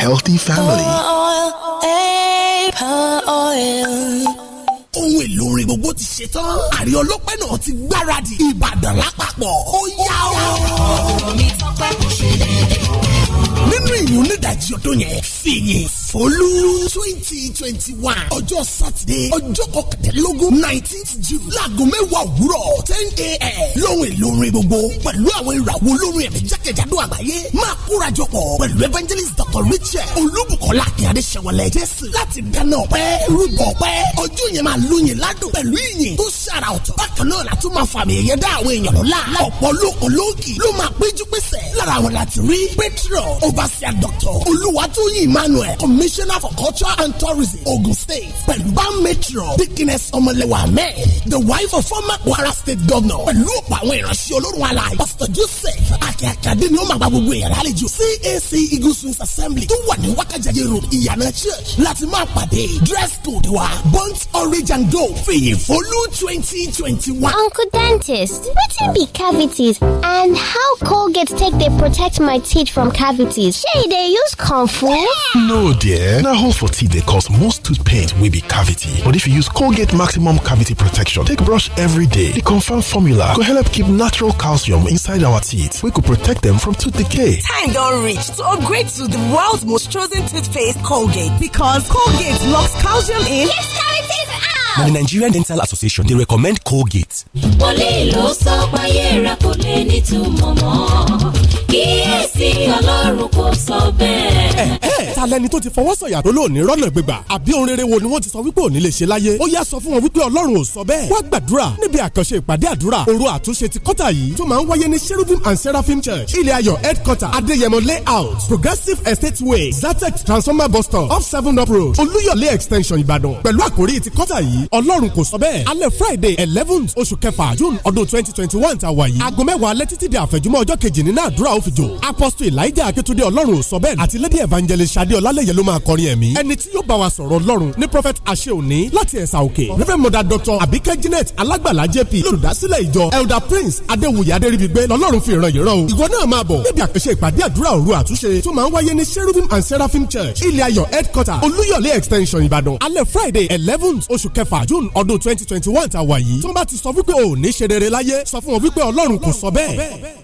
healthy family. Ohun èlò orin gbogbo ti ṣe tán. Àrí ọlọ́pẹ́ náà ti gbáradì. Ìbàdàn lápapọ̀. Ó yá o. Nínú ìyún nídàjí ọdún yẹn, fìyìn folú twenty twenty one ọjọ́ sátidé ọjọ́ kọkàndínlógún nineteenth june láago mẹ́wàá òwúrọ̀ ten a.m. lóhùn èlò orin gbogbo pẹ̀lú àwọn ìràwọ̀ olórin ẹ̀mí jákèjádò àgbáyé máa kórajọ pọ̀ pẹ̀lú evangelist dr richard olúbùkọ́lá akínyàdé sẹ̀wọ̀lẹ̀ jésù láti dáná ọpẹ́ rúbọ ọpẹ́ ọjọ́ yẹn máa lóyin ládùn pẹ̀lú ìyìn tó ṣàrà ọ̀tọ̀ bákan náà látún máa fàmì ẹ̀yẹ dá àwọn èèyàn lọ́la ọ̀pọ̀ lóko lóòkì ló máa péjú pésẹ̀ lára àwọn láti rí pétrọ̀ overseer doctor olúwatóyìn emmanuel commissioner for culture and tourism ogun state pẹ̀lú bá metro dikines ọmọlẹ́wà ahmed the wife of former kwara state governor pẹ̀lú ọ̀pọ̀ àwọn ìránṣẹ́ olórun alaye pastor joseph akíakíade ni ó máa gba gbogbo ìyàrá àlejò cac eagles assembly tó wà ní wákàjáde road ìyànà church láti máa pàdé dress code wa burnt orange and gold fèyè fólú twenty twenty one. uncle dentist wetin be cavities and how colgate take dey protect my teeth from cavities shey e dey use comfort? no dear yeah? Now, holes for teeth, they cause most tooth pain will be cavity. But if you use Colgate Maximum Cavity Protection, take brush every day. The confirmed formula could help keep natural calcium inside our teeth. We could protect them from tooth decay. Time don't reach to upgrade to the world's most chosen toothpaste, Colgate. Because Colgate locks calcium in. Yes, out! Now, the Nigerian Dental Association, they recommend Colgate. kíyèsí ọlọ́run kò sọ bẹ́ẹ̀. ẹ ẹ ta lẹni tó ti fọwọ́ sọ̀yà tó lóòní rọ́nà gbégbà àbí ohun rere wo ni wọ́n ti sọ wípé òní lè ṣe láyé ó yá sọ fún wọn wípé ọlọ́run ò sọ bẹ́ẹ̀ wá gbàdúrà níbi àkànṣe ìpàdé àdúrà òru àtúnṣe ti kọ́tà yìí tó máa ń wáyé ní cherubim and seraphim church ilé ayọ̀ headquarter adéyẹmọ layout progressive estate way zatex transformer bus stop off seven up road olúyọ̀lé extension ìbàdàn pẹ̀lú àkòrí ti kọ́tà yìí ọlọ́run kò sọ bẹ́ẹ̀ alẹ́ friday eleventh. oṣù kẹfà june ọdún twenty twenty one ta wà yìí aago mẹ́wàá alẹ́ títí di àfẹ̀júmọ́ ọjọ́ kejì nínú àdúrà ó of job apostle elijah akitunde ọlọ́run sọ bẹ́ẹ̀ àti lady evangelist sade ọlálẹ́yẹ ló máa kọrin ẹ̀mí ẹni tí yóò bá wa sọ̀rọ̀ ọlọ́run ní prophet ashe òní láti ẹ̀sà òkè reverend mother doctor abike janet alágbàlá jp lọ́dùdásílẹ̀ ìjọ elder prince adéwuyè adéríbigbé lọ́lọ́run fi ìran yìí rán o ìwọ náà máa bọ̀ níbi àkànṣe ìpàdé àdúrà òru àtúnṣe tó máa ń wáyé ní cherubim and seraphim church ilé ayọ̀ headquarter olúyọ̀lé extension ìbàdàn alẹ́ friday eleventh oṣù kẹfà june ọdún twenty twenty one ta wà yìí tó bá ti sọ wípé o ò ní ṣe rere láyé sọ fún wọn wípé ọlọ́run kò sọ bẹ́ẹ̀.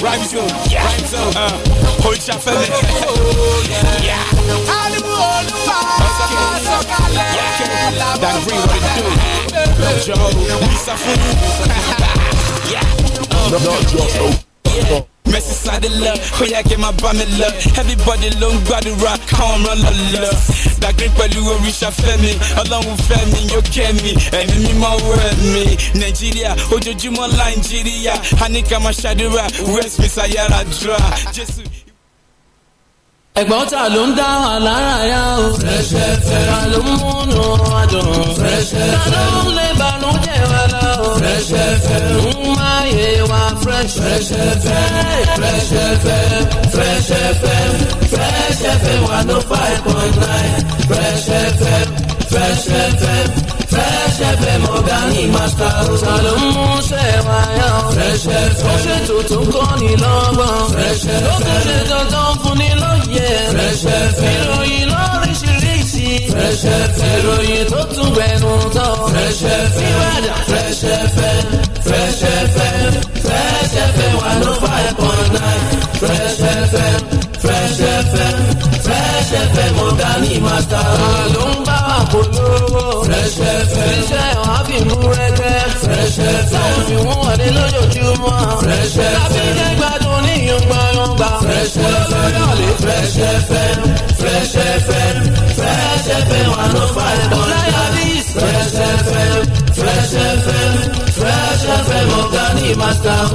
Rhyme so, yeah. rhyme so, Uh, hold your fella. Oh, yeah. yeah. That green, what it do? Joe, we suffer. Yeah. Not just Messi sliding up, ó yẹ kí n máa bá mi lọ. Everybody ló ń gbàdúrà káwọn ràn lọ lọ. Dàgbé pẹ̀lú oríṣà fẹ́mi, ọlọ́run fẹ́mi yóò kẹ́ mi, ẹ̀mí mímọ́ wẹ̀ mi. Nàìjíríà, ojoojúmọ́ Nàìjíríà, a ní ká máa ṣàdúrà, West Miss Ayára Dra. Jésù. Ẹ̀gbọ́n ta ló ń dá wa lára yá o. Fẹ́ṣẹ̀ fẹ́. Ta ló ń múnú wa dùn. Fẹ́ṣẹ̀ fẹ́. Ta ló ń lé ìbànújẹ́ wa lọ o. Fresh FM. ń máyé wa Fresh FM. Fresh FM. Fresh FM. Fresh FM wà ló five point nine. Fresh FM. Fresh FM. Fresh FM ọ̀gá ni màtà ọ̀sà ló ń múṣẹ́ wa yá o. Fresh FM. ó ṣe tuntun kọ́ ni lọ́gbọ̀n. Fresh FM. ó tún ṣe dandan fún ni lóye. Fresh FM. ìròyìn lóríṣiríṣi. Fresh FM. ìròyìn tó tún gbẹnu tán fresh fm fresh fm fresh fm fresh fm one oh five point nine fresh fm fresh fm fresh fm ọ̀gá ni màtá. ló Fresh FM, fresh fm iṣẹ́ ọ̀hán fi mú fresh fm táwọn fi mú wọlé lójoojúmọ́. fresh fm láti jẹ́ gbádùn ní yọ̀ngbọ̀nyọ̀ngbà. fresh fm olóyọ̀lé fresh fm fresh fm fresh fm one oh five point nine fresh Hasta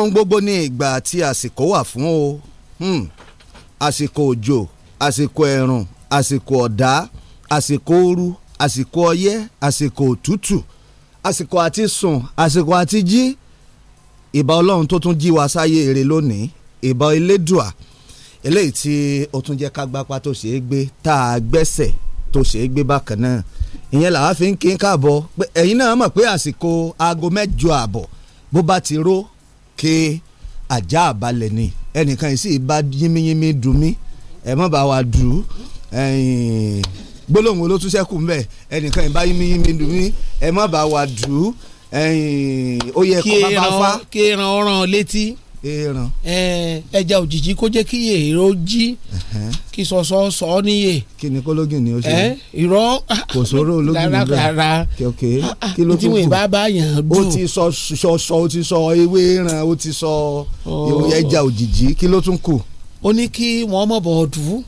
ohun gbogbo ní ìgbà àti àsìkò wà fún o hmm. àsìkò òjò àsìkò ẹ̀rùn àsìkò ọ̀dá àsìkò ooru àsìkò ọyẹ́ àsìkò òtútù àsìkò àti sùn àsìkò àti jí ìbà ọlọ́run tó tún jí wa sáyé èrè lónìí ìbà elédùà eléyìí tí ó tún jẹ́ kágbápá tó ṣeé gbé tá a gbẹ́sẹ̀ tó ṣeé gbé bákan náà ìyẹn làwa fi ń kí n káàbọ̀ ẹ̀yin náà mọ̀ pé àsìkò aago mẹ́jọ ààbọ̀ bó bá ti ró òkè ajá àbálẹ̀ ni ẹnìkan sì bá yínmíyínmí dùn mí ẹ mọ̀ bá wa dùn gbólóhùn olótúnṣẹ́kù ń bẹ̀ ẹnìkan ìbá yínmíyínmí dùn mí ẹ mọ̀ bá wa dùn ó yẹ kó bá bá fa. kí ẹran ọ̀ràn létí ẹran. ẹja òjijì kó jẹ́ kí èrò jí kí sọ̀sọ̀ sọ ọ́ níyè. kí ni kólógìn ni ó ṣe. irọ́ kò sóró ológìn níbẹ̀ rárá kí ló tún kù. ìdíwọ̀n ìbá bá yàn án dùn. ó ti sọ sọ ó ti sọ ewé ẹran ó ti sọ oh. ẹja òjijì kí ló tún kù. ó ní kí wọ́n mọ̀ bọ̀ ọ̀dùn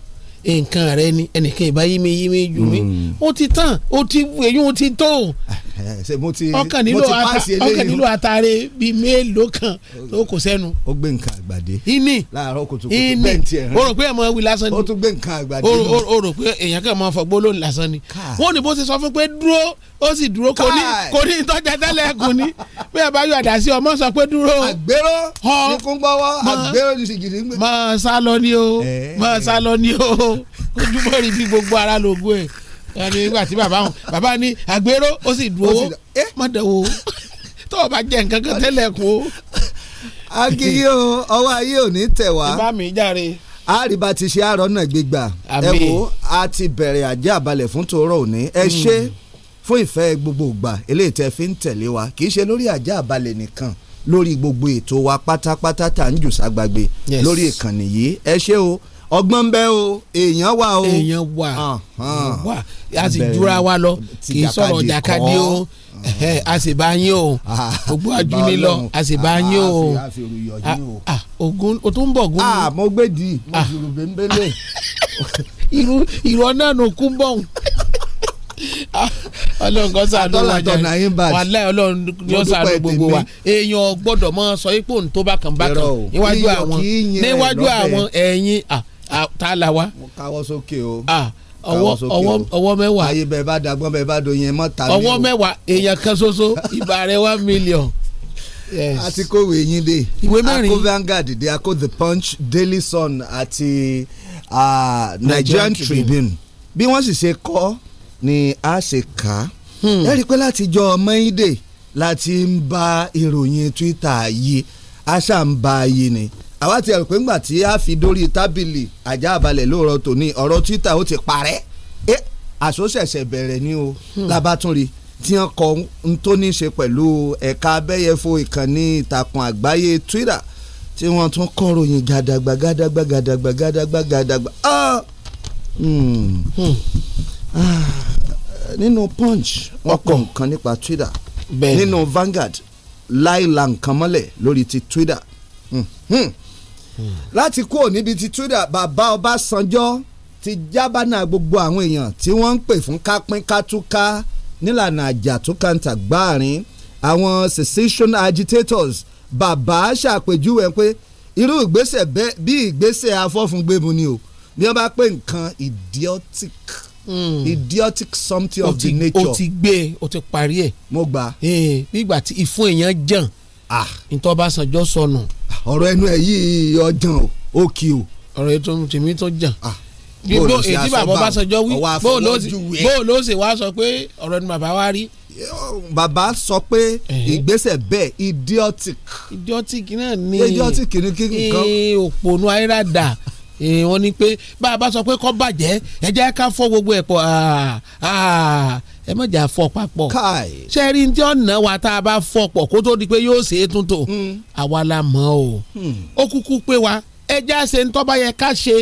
nǹkan rẹ ni ẹnìkan ìbá yí mi yí mi jù mí hmm. o ti tán ó ti èyí ó ti tó ọkàn nílò ọkàn nílò àtàrẹ bíi mélòó kan tó kò sẹ́nu. ó gbé nǹkan àgbàdé. ìní láàárọ̀ o rò pé ẹ̀ mọ wí lásán ni. ó tún gbé nǹkan àgbàdé. o rò pé èèyàn kàn mọ fọgbó lónìí lásán ni. wọ́n ní bó ti sọ fún pé dúró ó sì dúró kò ní kò ní ìtọ́jà tẹ́lẹ̀ kò ní bí ẹ bá yọ àdá sí ọmọ sọ pé dúró. àgbérò ní kún gbọ́wọ́ àgbérò ní sìgìdì ń gbé. mọ ni o mọ sálọ ni o ojúmọ́ rí bí gbogbo ara lògùn ẹ̀ ẹni nígbà tí bàbá wọn bàbá ní àgbérò ó sì dúró eh? mọ̀dẹ̀wò tó o bá jẹ nǹkan kan tẹ́lẹ̀ kó. akíyí o ọwọ́ ayé ò ní tẹ̀ wá. ìbá mi járe àríba ti ṣe àrọ́nà gbígbà ẹ wo a ti bẹ̀rẹ̀ àjẹ́ àbalẹ̀ fún tòró òní ẹ hmm. ṣe fún ìfẹ́ gbogbo ìgbà eléyìí tẹ́ fi ń tẹ̀lé wa kì í ṣe lórí àjẹ́ àbalẹ̀ nìkan lórí gbogbo ètò wa pátápátá tá ń jù ságbàgbé lórí ìkànnì yìí ẹ ṣe o ọgbọ́n bẹ́ o èèyàn wà o èèyàn wà wà a sì jura wa lọ kì í sọ̀rọ̀ jàkadì o a sì bá yín o ògbó ah, ajúni lọ a sì bá yín o ogun ah, ah, o tún bọ̀ gun. mo gbé di mo sì rò bẹ́ńbẹ́lẹ̀. ìrọ̀ náà nù kú bọ̀ ń ọlọ́run kan sàánú wa jẹ wàhálà ọlọ́run yóò sàánú gbogbo wa èèyàn gbọ́dọ̀ mọ sọ ipò ntó bákan níwájú àwọn níwájú àwọn ẹ̀yin tá a la wa. mo káwọ́ sókè o. ọwọ́ ọwọ́ ọwọ́ mẹ́wàá. ayé bẹ́ẹ̀ bá dàgbọ́n bẹ́ẹ̀ bá doyin ẹ̀ mọ́ ta o. ọwọ́ mẹ́wàá èèyàn kan ṣoṣo ìbá rẹ̀ one million. a ti kó ìwé yín dé ìwé mẹ́rin a kó Vanguard dé a kó The Punch Daily Sun àti Nigerian Tribune bí wọ́n sì ṣe kọ́ ni a ṣe kà á hmm. ẹ rí i pé látijọ́ Monday láti ń bá ìròyìn Twitter yìí a ṣà yìí ni àwa ti rò pé ńgbà tí a fi dórí tábìlì ajá àbálẹ̀ lóòrọ̀ tòní ọ̀rọ̀ twitter ó ti parẹ́ ẹ àsọ̀sẹ̀sẹ̀ bẹ̀rẹ̀ ni o hmm. labatunri tí wọ́n kọ ń tó ní ṣe pẹ̀lú ẹ̀ka abẹ́yẹfò ìkànnì ìtàkùn àgbáyé twitter tí wọ́n tún kọ̀ròyìn gàdàgbà gàdàgbà gàdàgbà gàdàgbà gàdàgbà ah! Hmm. Hmm. Ah! nínú punch wọ́n kọ nǹkan nípa twitter nínú Vanguard láìla nǹkan mọ́lẹ̀ lórí ti twitter. Mm. Mm láti kúrò níbi ti twitter bàbá Ọbásanjọ́ ti jábánà gbogbo àwọn èèyàn tí wọ́n ń pè fún kápín kátúká nílànà àjàtúkàǹtà gbáàrin àwọn secession agitators bàbá ṣàpèjúwe pé irú ìgbésẹ̀ bẹ́ẹ̀ bí ìgbésẹ̀ afọ́fúngbẹ́mu ni o bí wọ́n bá pè nǹkan idiotic mm. idiotic something of the nature. o ti gbé e, o ti parí ẹ̀. mo gbà. bí ìgbà tí ìfún èèyàn jàn Ah. ntọ́ba sanjọ́ sọnù. Ah, ọ̀rọ̀ ẹnu ẹ̀ yìí ọjàn o ó kì o. ọ̀rọ̀ ètò tèmi tó jàn gbogbo ah. ètí bàbá Ọbásanjọ́ wí bóò ló ṣe wá sọ pé ọ̀rọ̀ ni bàbá wa rí. bàbá sọ pé ìgbésẹ̀ bẹ́ẹ̀ idiotic. idiotic náà ni idiotic ni kí eh, nǹkan. òpònú ayéradà eh, wọ́n ní pé bàbá sọ pé kó bàjẹ́ ẹ jẹ́ ká fọ́ gbogbo ẹ̀ pọ̀ ẹ mọ̀jà fọ́ papọ̀ ṣẹ́rí ní ọ̀nà wa tá a bá fọ́ pọ̀ kó tó di pé yóò ṣe é tún hmm. àwa la mọ̀ o hmm. ó kúkú pé wa ẹja ṣe ń tọ́ bá yẹ ká ṣe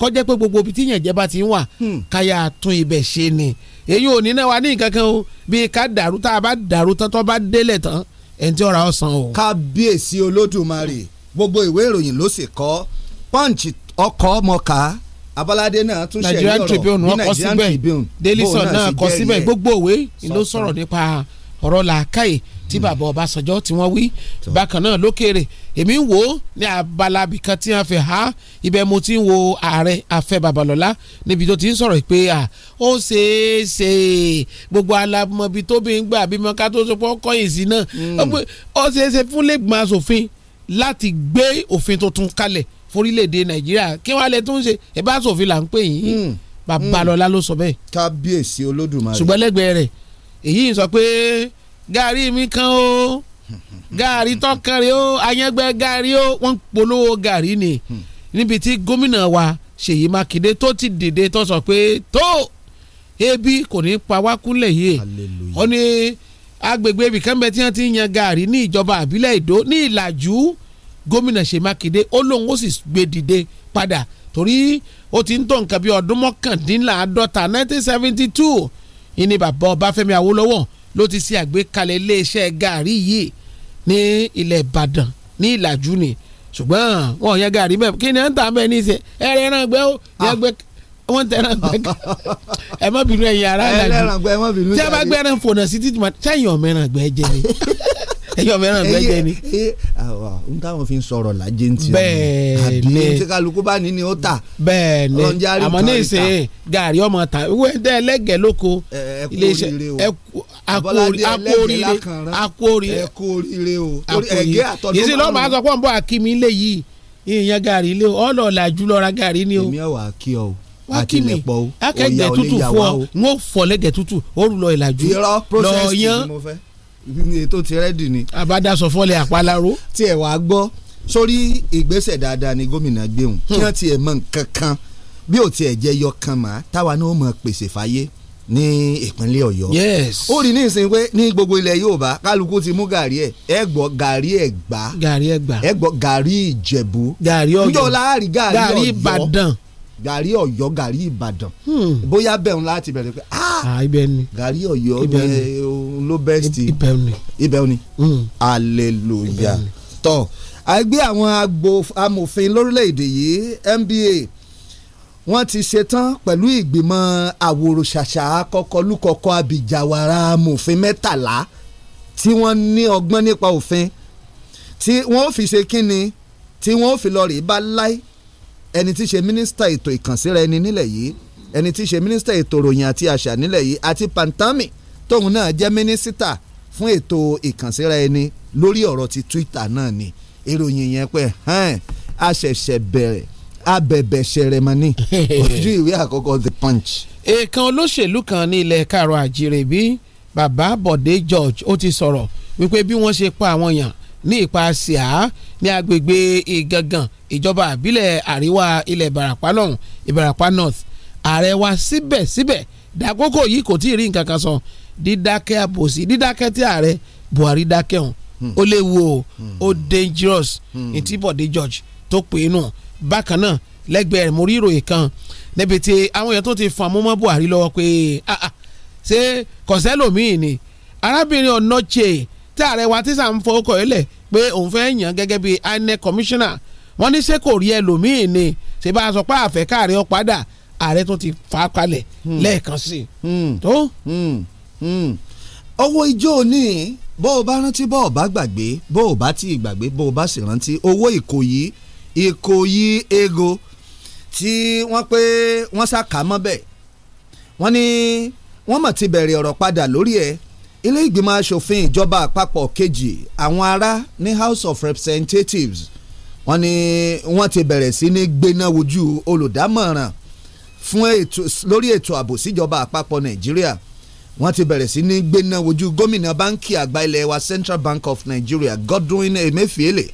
kọjá pé gbogbo ibi tí yẹ̀jẹ̀ bá ti ń wà hmm. káyà tún ibẹ̀ ṣe ni èyí ò ní náà wà ní nǹkan kan o bíi ká dàrú tá a bá dàrú tán tó bá délẹ̀ tán ẹni tí ọ̀rá ọ̀sán o. kábíyèsí olódùmarè gbogbo ìwé ìròyìn ló sì kọ punch ọkọ̀ ọmọka abọ́ládé náà tún ṣẹ̀rí ọ̀rọ̀ Nigerian Tribune wọn kọ síbẹ̀ Daily Sun náà kọ síbẹ̀ gbogbo òwe ló sọ̀rọ̀ nípa ọ̀rọ̀ làákàyè tí hmm. bàbá Ọbásanjọ́ tí wọ́n wí bákan náà lókèrè èmi ń wò ó ní abala ibìkan tí wọ́n fi há ibẹ̀ mo ti ń wo ààrẹ Afẹ́ Babalọ́lá níbi tó ti ń sọ̀rọ̀ pé ó ṣeé ṣe gbogbo alamọbi tó bí ń gbà bímọ ká tó sọpọ̀ kọ́yìn sí náà hmm. ó ṣeé ṣe fún lẹ́gbọ̀n aṣòfin láti gbé òfin tuntun kalẹ̀ forílẹ̀-èdè nàìjíríà kí wọ́n á lè tún ṣe ẹ bá sòfin là ń pè yín hmm. babalọ́lá ló sọ bẹ́ẹ̀. kábíyèsí olódùmarè. ṣùgbọ́n lẹ́gbẹ̀ẹ́ rẹ̀ èyí sọ pé gàrí mi kan o gàrí tọkànrẹ́ o ayẹ́gbẹ́ gàrí o wọ́n ń polówó gàrí ni hmm. níbi tí gómìnà wa ṣèyí mákindé tó ti dìde tó sọ pé tó ebi kò ní pa wá kúnlẹ̀ yìí ó ní agbègbè ibìkan bẹ tí wọ́n ti ń yan gàrí ní ìjọba àbílẹ̀ ìdó ní ìlàjú gómìnà Ṣèyí Mákindé ó lóun ó sì gbé dìde padà torí ó ti ń tó nǹkan bí ọdún mọ́kàndínláàádọ́ta nineteen seventy two ìní bàbá Ọbáfẹ́mi Awólọ́wọ̀ ló ti ṣe àgbékalẹ̀ iléeṣẹ́ gàárì yìí ní ilẹ̀ Ìbàdàn ní ìlàjú ni ṣùgbọ́n wọn yẹn gàárì bẹ́ẹ̀ kí ni à ń tà bẹ́ẹ̀ ní í ṣe ẹ̀rẹ̀ ẹran gbẹ́ ó yẹ ah. gbẹ́ wọ́n tẹ̀ràn gbẹ́ ẹ má bínú ẹ̀yìn ara ìlàjú tí a bá gbẹ́ràn fònà sí títí ma ṣáà yàn gbẹ́ jẹ́ ni. ẹyọ mẹ́ràn bẹ́jẹ̀ ni. n táwọn fi ń sọ̀rọ̀ lajẹ́ ń tiẹ̀ bẹ́ẹ̀ ni àdìyẹ tí kálukú bá ní ni ó tà. bẹ́ẹ̀ ni àmọ́ ní ìsìn gàrí ọmọ ta wíwẹ́ dẹ́ ẹlẹ́gẹ̀ẹ́ lóko iléeṣẹ́ akó oríire akó oríire akó oríire o ẹ̀gẹ́ àtọ́dún. yìí sì lọ́ọ́ máa sọ pé ń ilé yìí ìyẹn gàrí ilé o ọlọ́ọ̀làjú lọ́ra gàrí ni o. èmi ẹ̀ wà á kí ọ o akimi akẹgbẹ tutu fọ n ó fọ lẹgẹ tutu ó lọ ìlàjú lọ yan ètò ti rẹ́dì ni. àbádásọ fọ́lẹ̀ àpaláró. tí ẹ wàá gbọ́ sórí ìgbésẹ̀ dáadáa ni gómìnà gbéhùn kí hmm. wọ́n tiẹ̀ mọ nǹkan kan bí ò tiẹ̀ jẹ́ yọ kan mà táwa náà mọ̀ pèsè fáyé ní ìpínlẹ̀ ọ̀yọ́. yes. ó rí ní pé ní gbogbo ilẹ̀ yorùbá kálukú ti mú gàrí ẹ̀ ẹ gbọ́ gàrí ẹ̀gbá. gàrí ẹ̀gbá. ẹ gbọ́ gàrí ìjẹ̀bú. gàrí ọ̀yọ́. gàrí ìbàdàn gàrí Ọ̀yọ́ gàrí Ìbàdàn hmm. bóyá bẹ́ẹ̀ ń láti bẹ̀rẹ̀ pé ah, ah, ibẹ̀ ni gàrí Ọ̀yọ́ ló bẹ́ẹ̀sì ibẹ̀ ni hmm. hallelujah tọ́ àgbẹ̀ àwọn amòfin lórílẹ̀‐èdè yìí NBA wọ́n ti ṣetán pẹ̀lú ìgbìmọ̀ àwòrò-ṣàṣà akọkọlùkọkọ abìjàwara amòfin mẹ́tàlá tí wọ́n ní ọgbọ́n nípa òfin tí wọ́n fi ṣe kínni tí wọ́n fi lọ rèé bá láì ẹni tí í ṣe mínísítà ètò ìkànsíra ẹni nílẹ̀ yìí ẹni tí í ṣe mínísítà ètò ìròyìn àti àṣà nílẹ̀ yìí àti Pantami tóun náà jẹ́ mínísítà fún ètò ìkànsíra ẹni lórí ọ̀rọ̀ ti Twitter náà ni ìròyìn yẹn pé a ṣẹ̀ṣẹ̀ bẹ̀rẹ̀ abẹ̀bẹ̀ ṣẹrẹmọ́ni ojú ìwé àkọ́kọ́ The Punch. èèkan olóṣèlú kan ní ilẹ̀ kàrọ̀ àjèrè bí bàbá Bọ̀dé George ó ti sọ̀rọ̀ wípé bí wọ́n ṣe pa àwọn èèyàn ní ìpàṣẹ àá ní agbègbè Ìgangan ìjọba àbílẹ̀ àríwá ilẹ̀ ìbàràpá lọ́hùn ìbàràpá north ààrẹ wa síbẹ̀síbẹ̀ dàkókò yìí kò tí ì rí nǹkan kan sọ dídákẹ́ àbòsí dídákẹ́ tí ààrẹ Buhari dákẹ́ hùn hmm. ó léwu o hmm. ó dangerous ní hmm. ti Bọ̀dé George tó pè é nù bákan náà lẹ́gbẹ̀ẹ́ rẹ̀ mo rí ìròyìn kan níbi tí àwọn èèyàn tó ti fún amúmọ́ Buhari lọ́wọ́ pé ah, ah, ṣé kọ̀sẹ́lòmíì ni arábìnrin ọ̀nà chè tí ààrẹ wa ti sàn fọwọ́kọ̀ yẹlẹ̀ pé òun fẹ́ yàn gẹ́gẹ́ bíi INEC commissioner wọ́n ní ṣé kò rí ẹlòmíì ni ṣé bá a sọ pé àfẹ́ káàrẹ́ ọ padà ààrẹ tó ti fà á kalẹ̀ hmm. lẹ́ẹ̀kan sí i hmm. tó. Hmm. owó ijó ní bó o bá rántí bó o bá gbàgbé bó o bá ti gbàgbé bó o bá sì rántí owó ìkòyí ìkòyí ego tí wọ́n pé wọ́n ṣàkà mọ́bẹ̀ wọ́n ní wọ́n mọ̀ ti bẹ̀rẹ̀ ọ̀rọ̀ padà lórí ẹ̀ ilé ìgbìmọ̀ asòfin ìjọba àpapọ̀ kejì àwọn ará ní House of Representatives wọ́n ní wọ́n ti bẹ̀rẹ̀ sí ní gbéná wojú olùdámọ̀ràn fún ètò lórí ètò ààbò síjọba àpapọ̀ nàìjíríà wọ́n ti bẹ̀rẹ̀ sí ní gbéná wojú gómìnà báńkì àgbà ilẹ̀ wa Central Bank of Nigeria Godwin Emefiele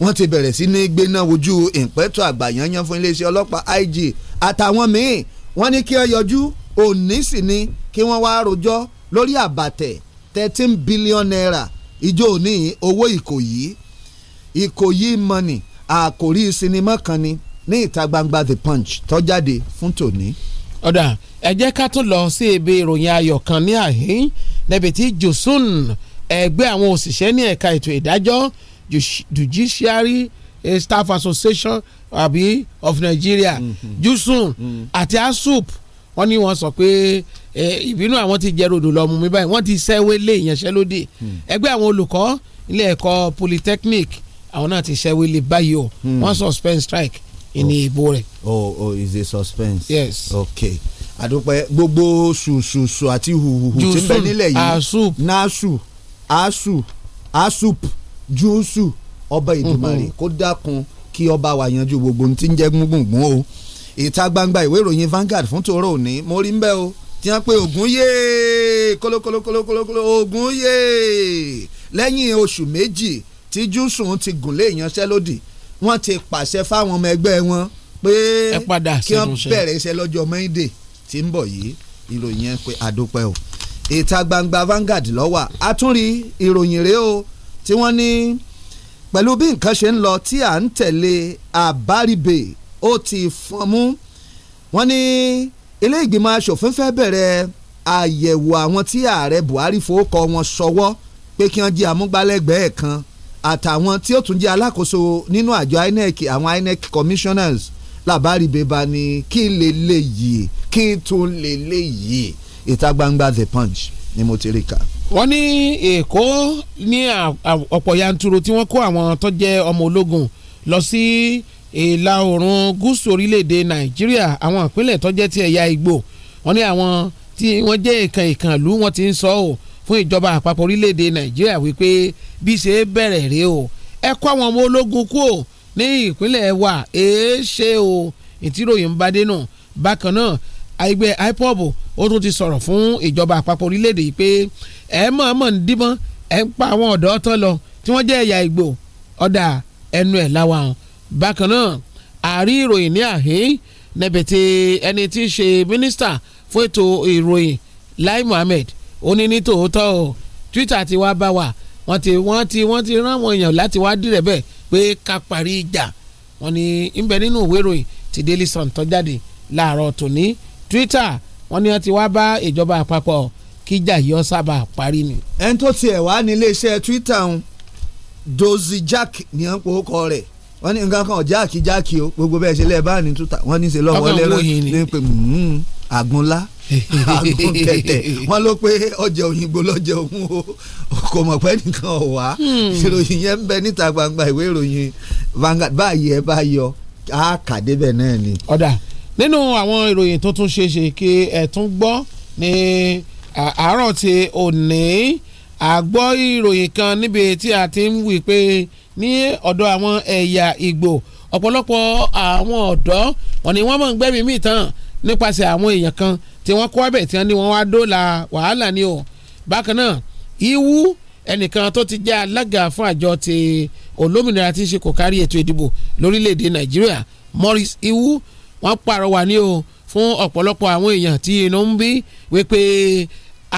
wọ́n ti bẹ̀rẹ̀ sí ní gbéná wojú ìpẹ́tọ̀ àgbà yanyan fún iléeṣẹ́ ọlọ́pàá IG àtàwọn míì wọ́n ní kí wọ́n yọjú òní sì ni kí wọ́n wá rojọ́ lórí àbàtẹ̀ thirteen billion naira ìjọ òní owó Ìkòyí Ìkòyí money àkòrí sinimá kan ni ní ìta gbangba the punch tó jáde fún tòní. ọ̀dà ẹ jẹ́ ká tún lọ sí ibi ìròyìn ayọ̀ kan ní àhín níbi tí josun ẹgbẹ́ àwọn òṣìṣẹ́ ní ẹ̀ka ètò ìdájọ́ judiciary eh, staff association àbí of Nigeria mhm. jusun mhm. àti asup wọ́n ní wọ́n sọ pé eh, ìbínú àwọn ti jẹ́ rodò lọ́mú mi báyìí wọ́n ti sẹ́wé lé ìyanṣẹ́lódì hmm. ẹgbẹ́ àwọn olùkọ́ ilé ẹ̀kọ́ polytechnic àwọn náà ti ṣẹ́wélé báyìí o hmm. wọ́n suspend strike ìní ìbò oh. rẹ̀. oh oh is a suspense. yes okay àdúpẹ́ gbogbo ṣùṣùṣù àti hùhùhù tí ń bẹ nílẹ̀ yìí ah, nasu asu asup juusu ọba ìdùmarè hmm, hmm. kó dákun kí ọba wa yanjú gbogbo ohun tí ń jẹ́ gbùngbùn o ìta gbangba ìwé ìròyìn Vanguard fún tòró òní mo rí ń bẹ́ o tí wọ́n pe ògùn yéé kólókólókólókóló ògùn yéé lẹ́yìn oṣù méjì tí júùsùn ti gùn lé ìyanṣẹ́lódì wọ́n ti pàṣẹ fáwọn ọmọ ẹgbẹ́ wọn pé kí wọ́n bẹ̀rẹ̀ iṣẹ́ lọ́jọ́ Monday tí ń bọ̀ yìí ìròyìn yẹn pé àdópẹ́ o ìta gbangba Vanguard lọ́wà àtúnrí ìròyìn rèé o tí wọ́n ní pẹ̀lú bí nǹkan ṣe ń lọ tí à ń tẹ̀lé àbáribè ó ti fọn mú wọ́n ní ilé ìgbìmọ̀ asòfin fẹ́ bẹ̀rẹ̀ àyẹ̀wò àwọn tí ààrẹ Buhari fowókọ wọn ṣọwọ́ pé kí wọ́n jí amúgbálẹ́gbẹ̀ẹ́ kan àtàwọn tí ó tún jẹ́ alákòóso nínú àjọ INEC àwọn INEC commissioners làbárí bèbá ni kí n lè lè yìí kí n tún lè lè yìí ìta gbangba the punch ni mo ti rí ka. wọ́n ní èkó ní ọ̀pọ̀ yanturu tí wọ́n kó àwọn tó jẹ́ ọmọ ológun lọ sí ìlà oòrùn gúúsù orílẹ̀-èdè nàìjíríà àwọn ìpínlẹ̀ tó jẹ́ ti ẹ̀yà ìgbò wọ́n ní àwọn tí wọ́n jẹ́ ìkàn ìkànlú wọ́n ti ń sọ ọ́ fún ìjọba àpapọ̀ orílẹ̀-èdè nàìjíríà wípé bí ṣe bẹ̀rẹ̀ rèé o ẹ kó àwọn ọmọ ológun kú o ní ìpínlẹ̀ wa èé ṣe o ìtìròyìn bá dé nù bákan náà ẹgbẹ́ IPOB ó tún ti sọ̀rọ̀ fún ìjọba àpapọ̀ orílẹ̀-èdè yìí pé ẹ mọ̀ọ́mọ̀ ń dímọ́ ẹ ń pa àwọn ọ̀dọ́ tán lọ tí wọ́n jẹ́ ẹ̀yà Ìgbò ọ̀dà ẹnu ẹ̀ láwa hàn bákan náà àrí ìròyìn ní àhín nẹ̀bẹ̀tẹ̀ ẹni tí í ṣe mínísítà fún ètò ìròyìn Lai Mohammed ó ní ní tòótọ́ o Twitter ti wá bá wa wọ́n ti wọ́n ti wọ́n ti rán àwọn èèyàn láti wá dìrẹ̀ bẹ́ẹ̀ pé ká parí ìjà wọ́n ní ń nínú ìwé ìròyìn ti Daily Sun tó jáde láàárọ̀ tòní Twitter wọ́n ní wọ́n ti wá bá ìjọba àpapọ̀ kíjà yọ sábà parí ni. ẹni tó tiẹ̀ wá ní iléeṣẹ́ Twitter ń Dozy Jack ní à ń pò ó kọ rẹ̀ wọ́n ní nǹkan kan jáàkì jáàkì o gbogbo bẹ́ẹ̀ ṣe lẹ́ẹ̀ bá ní tuta wọ́n ní ṣe lọ́wọ́ lẹ́rọ ní pé hmm, àgúnlá àgùntẹ̀tẹ̀ wọ́n ló pé ọjẹ́ òyìnbó lọ́jẹ́ òun o kò mọ̀ pé nìkan ò wá hmm. ìròyìn yẹn ń bẹ níta gbangba ìwé ìròyìn Vanguard báyìí ẹ bá yọ á kà débẹ̀ náà ni. ọ̀dà nínú àwọn ìròyìn tó tún ṣeéṣe kí ẹ gbọ́ ní àárọ̀ tí òní àgbọ́ ìròyìn kan níbi tí a ti ń wí pé ní ọ̀dọ̀ àwọn ẹ̀yà Ìgbò ọ̀pọ̀lọpọ̀ àwọn ọ̀dọ́ wọn ni wọ́n mọ̀ ń gbẹ́mìí mìíràn nípasẹ̀ àwọn èèyàn kan tí wọ́n kó abẹ̀ tí wọ́n ní wọ́n wá dóòlà wàhálà ni o bákan náà iwu ẹnìkan tó ti jẹ́ alága fún àjọ ti olómìnira tí ń ṣe kò kárí ètò ìdìbò lórílẹ̀‐èdè nàìjíríà Morris Iwu wọ́n pàrọwà ní o fún ọ̀pọ̀lọpọ̀ àwọn èèyàn tí inú ń bí wípé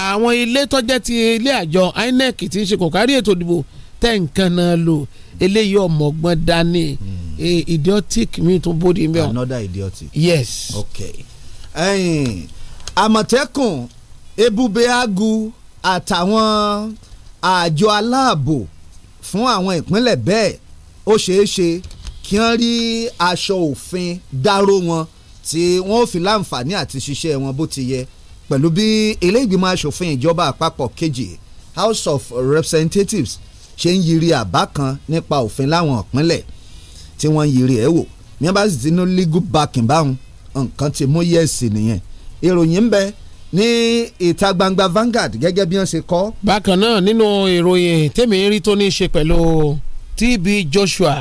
àwọn ilé tọ́jẹ́ ti ilé àjọ INEC tí ń ṣe kò kárí ètò ìdìbò tẹ̀ nǹkan náà lò eléyìí ọmọọgbọ́n dání hmm. idiotic mi tún bóde mẹ́ọ̀. another idiotic. yes. okay. Hey àmọ̀tẹ́kùn ebube agu àtàwọn àjọ aláàbò fún àwọn ìpínlẹ̀ bẹ́ẹ̀ ó ṣeé ṣe kí wọ́n rí aṣọ òfin dáró wọn tí wọ́n ò fi láǹfààní àti ṣiṣẹ́ wọn bó ti yẹ pẹ̀lú bí ilé asòfin ìjọba àpapọ̀ kejì House of Representatives ṣe ń yiri àbá kan nípa òfin láwọn ìpínlẹ̀ tí wọ́n ń yiri ẹ̀ wò ní wọ́n bá ní legal backing báwọn nǹkan ti mú yẹ̀sì nìyẹn ìròyìn ń bẹ ní ìta gbangba Vanguard gẹ́gẹ́ bí wọ́n ṣe kọ́. bákan náà nínú ìròyìn tèmi rí tó ní í ṣe pẹ̀lú TB Joshua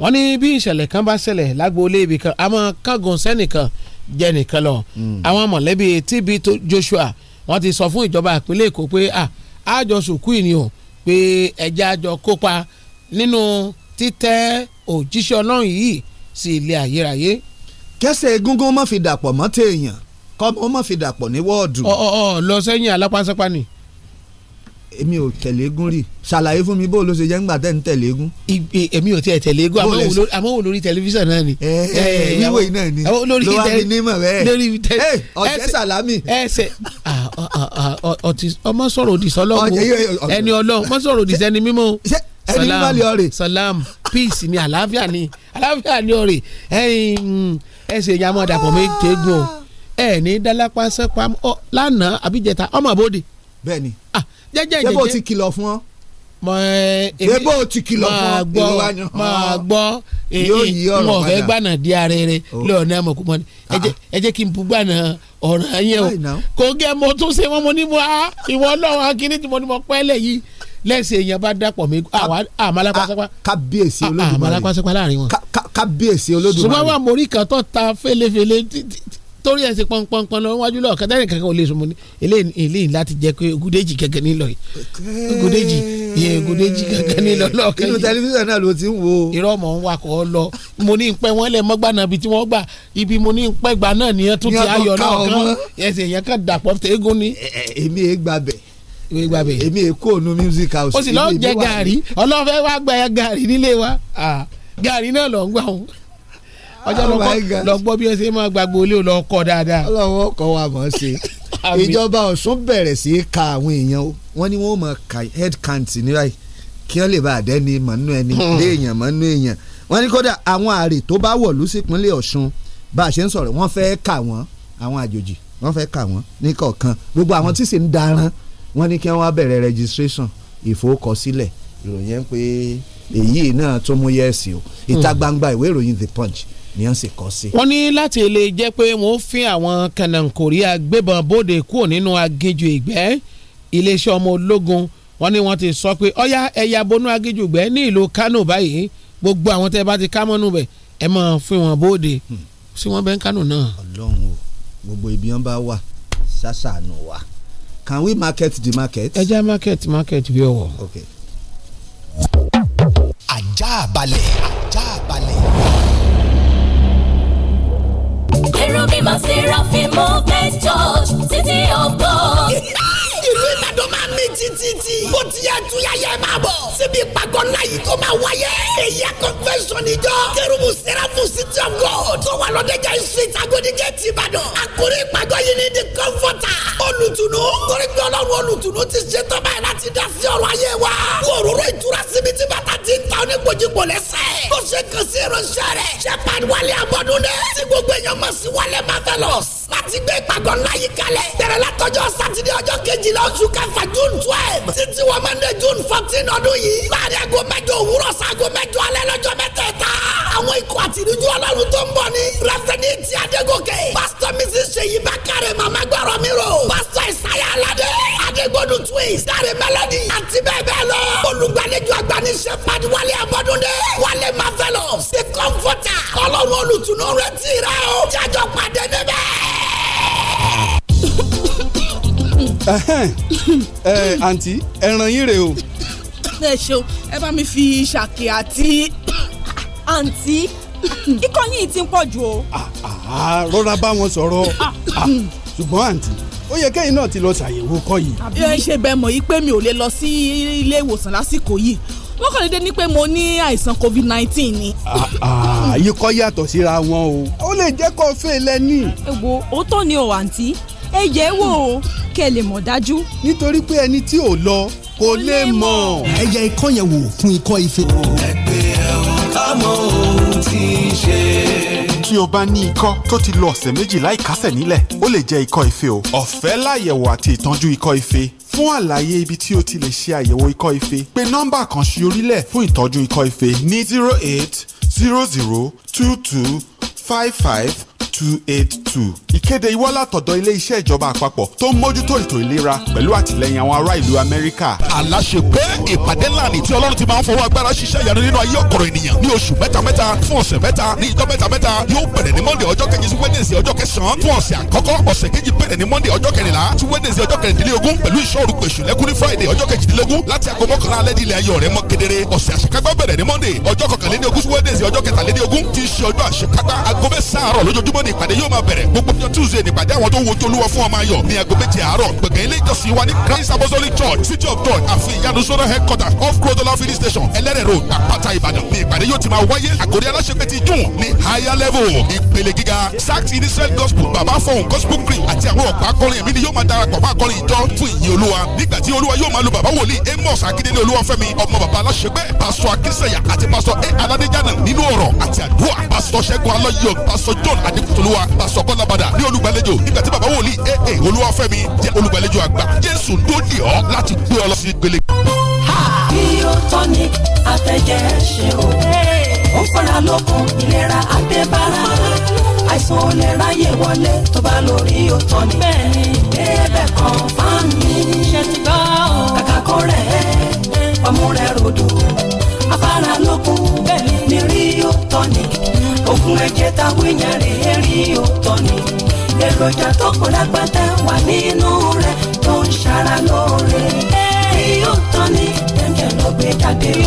wọ́n ní bí ìṣẹ̀lẹ̀ kan bá ṣẹlẹ̀ lágboolé ibì kan àmọ́ kángun sẹ́nìkan jẹ́ nìkan lọ hmm. àwọn mọ̀lẹ́bí TB Joshua wọ́n ti sọ fún ìjọba ìpínlẹ̀ Èkó pé àjọ sùkú ìní o pé ẹja àjọ kópa nínú títẹ́ òjíṣẹ́ Ọlọ́run yìí sí ilé ayérayé. kẹsẹ̀ egungun má fi dàpọ̀ mọ́ téèyàn kọ́mọ ọmọ fi dàpọ̀ ní wọ́ọ̀dù. ọ ọ ọ lọ sẹ́yìn alápásápá ni. èmi ò tẹ̀lé eégún rí ṣàlàyé fún mi bó ló ṣe jẹ́ ńgbà tẹ́ ń tẹ̀lé eégún. èmi ò tiẹ̀ tẹ̀lé eégún àmọ́ wò lórí tẹlifíṣàn náà ni. wíwò iná ni ló wá mi ní mọ̀ bẹ́ẹ̀. lórí tẹ ọ̀tẹ́ sàlámì. ẹsẹ̀ ọmọ sọ̀rọ̀ òdì sọlọ́wọ́ ẹni ọlọ́run ọmọ sọ̀rọ̀ òdì sẹ́ni mímọ́ ẹni mímọ́ lè ọ̀rẹ́. salam peace ni àlàáfíà ni àlàáfíà ni ọ̀rẹ́ ẹ̀sìn ìyàmọ̀ dàpọ̀ mi tẹ́gùn o ẹ ní dálápá sẹpá lánàá àbíjẹta ọmọ àbódì. bẹ́ẹ̀ni jẹjẹ jẹjẹ bébò ti kìlọ̀ fún ọ. mọ ẹ bébò ti kìlọ̀ fún ọ ìlú wa yàn. máa gbọ́ ah. yóò yí ọ̀rọ̀ padà mọ̀ fẹ́ gbànà di ara rẹ oh. lọ́ọ̀nà mọ̀ ah. ẹ jẹ́ kí n bu gbànà ọ̀ràn yẹn o kò gẹ́ mo tún ṣe wọn mo ní mo a ah, ìwọ ọlọ́run akíní tí mo ní mo pẹ́ lẹ̀ yìí lẹ́sẹ̀ èèyàn bá dàpọ̀ mi àmàlápàṣẹpà kábíyèsí olódùmarè àmàlápàṣẹpà láàrin wọn. kábíyèsí olódùmarè. ṣùgbọ́n wà mórí kan tó ta fẹ́lẹ́fẹ́lẹ́ torí ẹ̀ ṣe pọ́npọ́npọ́n lọ wájú lọ ọ̀kadà nìkan kan ò lè sọmọ ní eléyìí eléyìí láti jẹ́ pé Ògúndéjì kankan nílọ yìí Ògúndéjì yẹ Ògúndéjì kankan nílọ lọ́ọ̀kan yìí. inú tẹlifíṣàn náà ló ti ń wo. irọ́ mọ̀ ń wakọ̀ ọ lọ mo ní pẹ́ wọ́n lẹ̀ mọ́gbà náà tí wọ́n gbà ibi mo ní pẹ́ gbà náà nìyẹn tó ti ayọ̀ náà kan ẹsẹ̀ yẹn kan dàpọ̀ tẹ́gùn ni. èmi è gbàbẹ̀ gbàgbé. èmi èkó ònu music house. o sì lọ jẹ gàrí ọlọ́fẹ́ wa gbẹ gàrí nílé wa gàrí náà lọ ń gbà wọn ọjọ́ oh lọ gbọ́ bí ẹ ṣe máa gbàgbọ́ olé lọ kọ́ dáadáa. ọlọ́wọ́ kọ́ wa mọ̀ ọ́ ṣe ìjọba Ọ̀ṣun bẹ̀rẹ̀ sí í ka àwọn èèyàn o wọ́n ní wọ́n mọ̀ ka head count ní báyìí kí wọ́n lè bá àdẹ́ni mọ̀nú ẹni hmm. lé èèyàn mọ̀nú èèyàn wọ́n ní kódà àwọn àrè tó bá wọ̀ lù sípínlẹ̀ Ọ̀ṣun bá a ṣe ń sọ̀rọ̀ wọ́n fẹ́ kà wọ́n àwọn àjòjì wọ́n fẹ́ kà wọ́n ní kọ̀ọ̀kan gbogbo àwọn tí sì ń darán wọ́n ní kí wọ́n wá bẹ̀rẹ̀ registration ìforúkọsílẹ̀ ìròyìn pé èyí náà tó mú yẹ́ẹ̀sì o ìta hmm. gbangba ìwé ìròyìn The Punch ni wọ́n sì kọ́ sí. wọ́n ní láti lè jẹ́ pé wọ́n fi àwọn kànáńkòrí agbébọn bóde kúrò nínú agéjù ìgbẹ́ iléeṣẹ́ ọmọ ológun wọ́n ní wọ́n ti sọ pé ọ̀yá ẹ̀yà bonú agéjù ìgbẹ́ ní ìlú Kánò báyìí gbogbo àwọn tẹ́ bá ti ká mọ́nú bẹ̀ ẹ máa fi wọn bóde sí hmm. wọn bẹ́ Kánò náà. Ọlọ́run o gbogbo ibi wọn bá wà ṣàṣàánú wa can we market the market. ẹja market market bí ọwọ. ajá balẹ̀ ajá balẹ̀. Cherubim and Seraphim Movement Church, City of God tó máa mì títí. bó ti yẹ tuyayẹ máa bọ̀. síbi ìpàgọ́ ńlá yìí tó máa wáyé. èyí ẹ convention ìjọ. kérubù sẹ́ráfù city of god. tó wà lọ́dẹ̀jà street agodike ti ìbàdàn. àkórí ìpàgọ́ yìí ni the comforter. olùtùnú. torí pé ọlọ́run olùtùnú ti ṣe tọ́ báyìí láti dá sí ọ̀rọ̀ ayé wa. kú òróró ìtura síbi tí bàtà ti ń ta oníkojúkò lẹ́sẹ̀. ó ṣe kàn sí ìránṣẹ́ rẹ̀. shepard wálé abọ́dúndé. tí gbogbo èèyàn mọ̀ sí wálé marvelous. láti gbé ìpàgọ́ ńlá yìí kalẹ̀. bẹ̀rẹ̀ látọjọ́ sátidé ọjọ́ kejìlá oṣù mẹ́fà june twelve títí wọ mọ́ndé june fourteen ọdún yìí láàrin aago mẹ́jọ òwúrọ̀ sago mẹ́jọ alẹ́ lọ́jọ́ mẹ́tẹ̀ẹ̀ta àwọn ikọ̀ àtìríjú ọlọ́run tó ń bọ̀ ní rẹ́fẹ̀dì ti adégòkè pásítọ̀ mrs ṣèyí bákàrẹ̀ màmá gbọ́rọ̀ mi rò pásítọ̀ ìsáyà aládé adégbòdù twins dáre mẹ́lẹ́dì àti bẹ́ẹ̀ bẹ́ẹ̀ lọ olùgbàlejò àgbà ní sẹ́pàdì wálé abọ́dúndé wálé mafẹ́lọ́ sí kọ́ńfọ́tà ọlọ́run olùtùnú rẹ̀ tì rẹ̀ o jájọ́ pàdé níbẹ̀ àǹtí eh, eh, ẹran yín rèé o. ẹ ṣeun ẹ bá mi fi ṣàkè àti àǹtí ikọ́ yìí ti ń pọ̀ jù o. Ah, ah, ah, rọra bá wọn sọ̀rọ̀ ṣùgbọ́n àǹtí ó yẹ kẹ́yìn náà ti lọ ṣàyẹ̀wò kọ́ yìí. ẹ ṣe bẹ́ẹ̀ mọ̀ yìí pé mi ò lè lọ sí ilé ìwòsàn lásìkò yìí wọ́n kàn dédé ní pé mo ní àìsàn covid nineteen ni. àyíkọ́ yàtọ̀ síra wọn o ó lè jẹ́ kó fèlè ní. ẹ wo òótọ́ ni o àǹtí ẹ yẹ̀ wò ó kẹ́ ẹ lè mọ̀ dájú. nítorí pé ẹni tí ò lọ kò lè mọ̀. ẹ yẹ̀ yẹn wò fún ikọ́ ife. ẹgbẹ́ ẹ̀ ò ohun tí ṣe tí o bá ní ikọ́ tó ti lo ọ̀sẹ̀ méjì láìkásẹ̀ nílẹ̀ ó lè jẹ́ ikọ́ ife o. ọ̀fẹ́ láyẹ̀wò àti ìtọ́jú ikọ́ ife. fún àlàyé ibi tí o ti lè ṣe àyẹ̀wò ikọ́ ife pé nọ́mbà kan sí orílẹ̀ fún ìtọ́jú ikọ́ ife ní zero eight zero zero two two five five two eight two. ìkéde ìwá látọ̀dọ̀ ilé-iṣẹ́ ìjọba àpapọ̀ tó ń mójútó ètò ìlera pẹ̀lú àtìlẹyìn àwọn ará ìlú amẹ́ríkà. aláṣẹ pé ìpàdé láàrin tí ọlọ́run ti máa ń fọwọ́ agbára ṣiṣẹ́ ìyanu nínú ayé ọ̀kọ̀rọ̀ ènìyàn ní oṣù mẹ́ta fún ọ̀sẹ̀ mẹ́ta ní ìjọ mẹ́ta yóò bẹ̀rẹ̀ ní monday ọjọ́ kejì sí wednesday ọjọ́ kẹsàn-án fún ọ̀sẹ̀ àkọ́kọ́ monday ọjọ́ kẹrìnlá sí wednesday ọjọ́ kẹrìndínlógún pẹ̀lú ìṣọ́ọ̀rù pèsè lẹ́kún ní friday ọjọ́ kejìdínlógún láti aago mọ́kànlá alẹ́ nílẹ̀ ayọ̀ rẹ̀ mọ́ kedere ọ̀sẹ̀ àṣekágbá bẹ̀rẹ̀ monday ọjọ́ kọkànlélógún sí wednesday ọjọ́ kẹtàlélógún ti ṣe ọjọ́ àṣekágbá aago mẹ́sàn-án àárọ̀ ni ìpàdé yóò máa bẹ̀rẹ̀ gbogbo ọjọ́ tuesday ni ìpàdé àwọn tó wo tolúwa fún ọmọ ayọ̀ ní aago àárọ̀ gbẹ̀gẹ́ ilé ìjọsìn wa ní christ apostolic church city of god àfihàn ìyanu sọ́dọ̀ headquarters off krodola filling station ẹlẹ́rẹ̀ road àpáta ìbàdàn ni ìpàdé yóò ti máa wáyé àkórí aláṣepẹ́ ti dùn ní higher level ìpele gíga sax initial gospel baba fọhùn gospel cream àti àwọn ọ̀pá akọrin ẹ̀mí ni yóò máa darapọ̀ máa kọrin ìjọ fún ìyìn olúwa nígbà tí olúwa yóò máa lo baba wòlíì amos akíndélé olúwafẹ́mi ọmọ baba aláṣepẹ́ pásọ akínsẹ̀yà àti pásọ a aládéjànà nínú ọ̀rọ̀ àti àdúrà pásọ ṣẹ́gun alọ́yọ̀ pásọ john adigun tolúwa pásọ kọ́lá padà ní olùgbàlejò ibẹ̀ tí bàbá wòlíì ee eh, eh, olúwa fẹ́mi jẹ́ olùgbàlejò àgbà jésù lónìí ọ́ láti gbé ọ lọ sí ìpele. Rio tonic àtẹ̀jẹ́ ṣe o ó fara lókun ìlera àtẹ̀bára àìsàn ò lè ráyè wọlé tó bá lo Rio tonic bẹ́ẹ̀ ni bẹ́ẹ̀ kan fáàmì ṣe ti gbọ́ o kàkà kó rẹ̀ ọmú rẹ̀ rodò afárá lókun bẹ́ẹ̀ ni Rio tonic ògùn ẹ̀jẹ̀ táwọn èèyàn rè é rí òótọ́ ni èròjà tó kù lágbàtà wà nínú rẹ̀ tó ń ṣara lóore rí òótọ́ ni ẹ̀jẹ̀ ló gbé jáde rí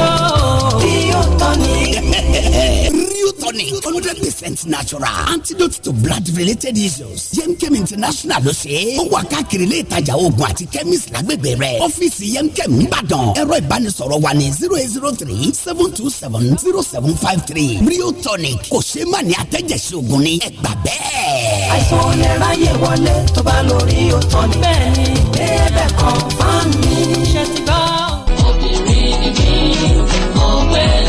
òótọ́ ni tonic hundred percent natural antidote to blood related issues yemkem international ló ṣe é ó wà káàkiri ilé ìtajà oògùn àti chemist lágbègbè rẹ ọ́fíìsì yemkem nìbàdàn ẹ̀rọ ìbánisọ̀rọ̀ wà ní zero eight zero three seven two seven zero seven five three rio tonic kò ṣe é mà ní atẹ́jẹsí oògùn ni ẹ gbà bẹ́ẹ̀. àìsàn olè ráyè wọlé tó bá lò rio tonic. bẹ́ẹ̀ni bẹ́ẹ̀ kàn fún mi. ṣe ti gbọ́. obìnrin ni mí ò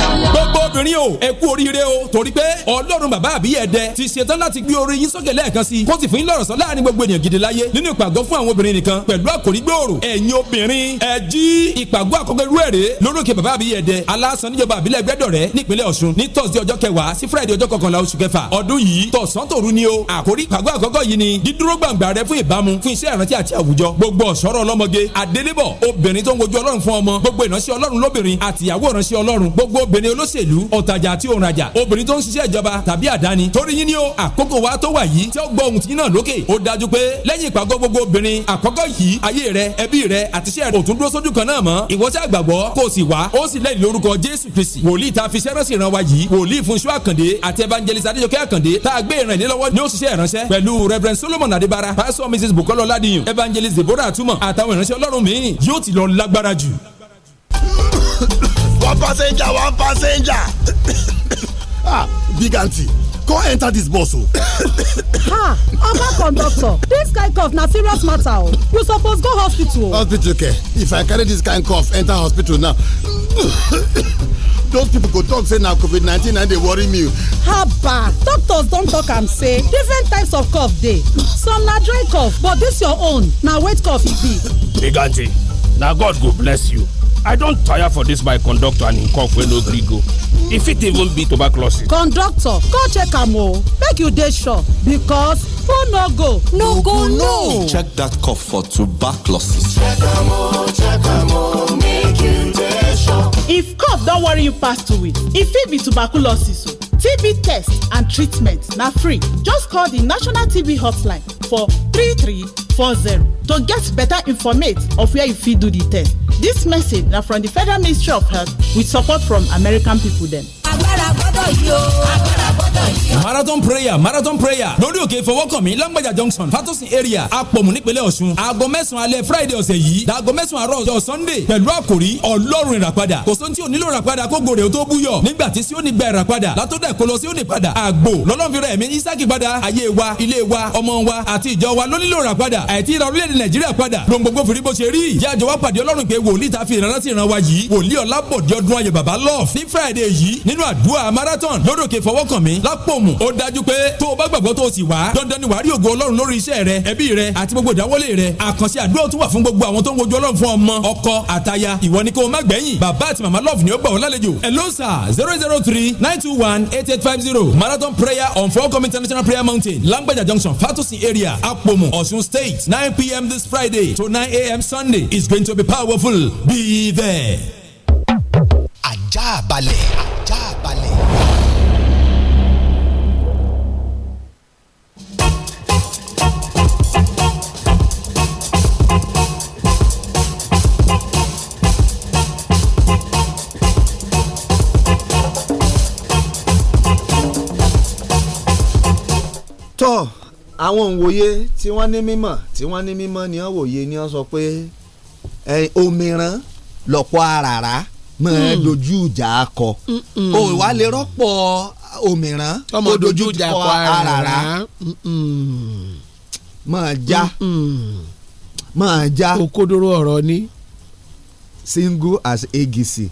arábìnrin o ẹ kú oríire o torí pé ọlọ́run bàbá àbí ẹ̀dẹ ti ṣetán láti gbé orí yín sókè lẹ́ẹ̀kan sí kó sì fún yín lọ́rọ̀ sọ láàrin gbogbo ènìyàn gidi láyé nínú ìpàgọ́ fún àwọn obìnrin nìkan pẹ̀lú àkòrí gbòòrò ẹ̀yin obìnrin ẹ jí ìpàgọ́ àkọ́kọ́ irú ẹ̀rẹ́ lórúkẹ bàbá àbí ẹ̀dẹ alásan níjọba àbílẹ̀ gbẹ́dọ̀rẹ́ nípínlẹ̀ ọ̀ṣun ní tọ́sídẹ̀ẹ́ ọjọ́ kẹwàá sí friday ọjọ́ kọkànlá oṣù kẹfà ọdún yìí o àkòrí ìpàgọ́ àkọ́kọ́ yìí ni dídúró gbàǹgbà rẹ fún ìbámu fún iṣẹ́ ìrántí àti àwùjọ gbogbo ọ̀ṣọ́rọ̀ ọlọ́mọge àdélébọ̀ obìnrin tó ń wojú ọlọ́run fún ọmọ gbogbo ìránṣẹ́ ọlọ́run lóbìnrin àtìyàwó ìránṣẹ́ ọlọ́run gbogbo obìnrin olóṣèlú ọ̀tajà àti òǹrajà obìnrin tó ń ṣiṣẹ́ ìjọba tàbí àdáni torí yín ni ó àkókò wa tó wà yìí tí ó gbọ́ ohùn tí yín náà lókè ó dájú pé lẹ́yìn ìpàgọ́ gbogbo obìnrin àkọ́kọ́ yìí ayé rẹ ẹbí rẹ àtiṣẹ́ rẹ òtún dúró sójú kan náà mọ́ ìwọ sí àgbàgbọ́ kó o sì wá ó sì lẹ́yìn lórúkọ Jésù Kristi wòlíì ta fi sẹ́rẹ́sì ràn wá yìí wòlíì Fúnṣọ́ Àkàndé àti evangelist Adéjọkẹ́ Solomon Adébára pásọ Mrs Bukola Ọládìyàn evangelist Deborah Atumọ̀ àtàwọn ìránṣẹ́ Ọlọ́run míì yóò ti lọ one passenger one passenger ah big aunty come enter this bus o. ah oga conductor dis kain cough na serious matter o you suppose go hospital hospital care if i carry dis kain cough enter hospital now those people go talk say na covid nineteen na dey worry me. haba doctors don talk am say different types of cough dey some na dry cough but dis your own na wet cough e be. big aunty na god go bless you i don tire for this. my conductor and him cough wey no gree go e fit even be tuberculosis conductor go check am o make you dey sure because who no go no go no check dat cough for tuberculosis check am o check am o make you dey sure if cough don worry you pass two weeks e fit be tuberculosis o tb test and treatment na free just call the national tb hotline for 3340 to get better informate of where you fit do the test This message na from the federal ministry of health with support from american people. dem agbára gbọ́dọ̀ yí o agbára gbọ́dọ̀ yí o. marathon prayer marathon prayer lórí òkè ìfọwọ́kànmí lágbàjà junction fatosin area àpòmù nípínlẹ̀ ọ̀ṣun aago mẹ́sàn-án alẹ́ friday ọ̀sẹ̀ yìí daago mẹ́sàn-án àárọ̀ ọjọ́ sunday pẹ̀lú àkòrí ọlọ́run ìràpadà kò sóhun tí ò nílò ìràpadà kó gòrè ó tó búyọ̀ nígbà tí Síónì gba ìràpadà látọ́dẹ̀ kó lọ Síónì padà àgbò lọ́lọ́mfìrẹ́ ẹ̀mí isaki padà ayé wa ilé wa ọmọ wa àti ìjọ wa ló nílò ìràpadà àìtí ìra orílẹ̀-èdè nàìjíríà padà lóńgbòǹgbò fìrí bó ṣe rí ìyá àjọwọ́ pàdé ọlọ́run pé wòlíì ta fi ìrànlọ́sí ìran wa love ní friday yìí àdúrà marathon lódòkè fọwọ́kànmí lápòmù ó dájú pé tó o bá gbàgbọ́ tó o sì wá dandan ni wàá rí ògo ọlọ́run lórí iṣẹ́ rẹ ẹbí rẹ àti gbogbo ìdáwọ́lé rẹ àkànṣe àdúrà tún wà fún gbogbo àwọn tó ń wojú ọlọ́run fún ọmọ ọkọ àtaya ìwọ ni kó má gbẹ̀yìn bàbá àti màmá love ni ó gbà wọ́n lálejò hello sir zero zero three nine two one eight eight five zero marathon prayer on Fowókànmí international prayer mountain langbaja junction fatosi area àpòmù ọ̀ṣun state nine pm this friday to nine am sunday is going to be powerful be there. ajá balẹ̀ ajá balẹ̀. tọ́ àwọn òǹwòye tí wọ́n ní mímọ̀ tí wọ́n ní mímọ̀ ni wọ́n wòye ni wọ́n sọ pé omiran lọ́pọ̀ àràrá máa hmm. dojú ìjà kọ òwà lè rọ́pò omiran ó dojú ìjà kọ àràrá máa já máa já òkodoro ọ̀rọ̀ ni. single as egisi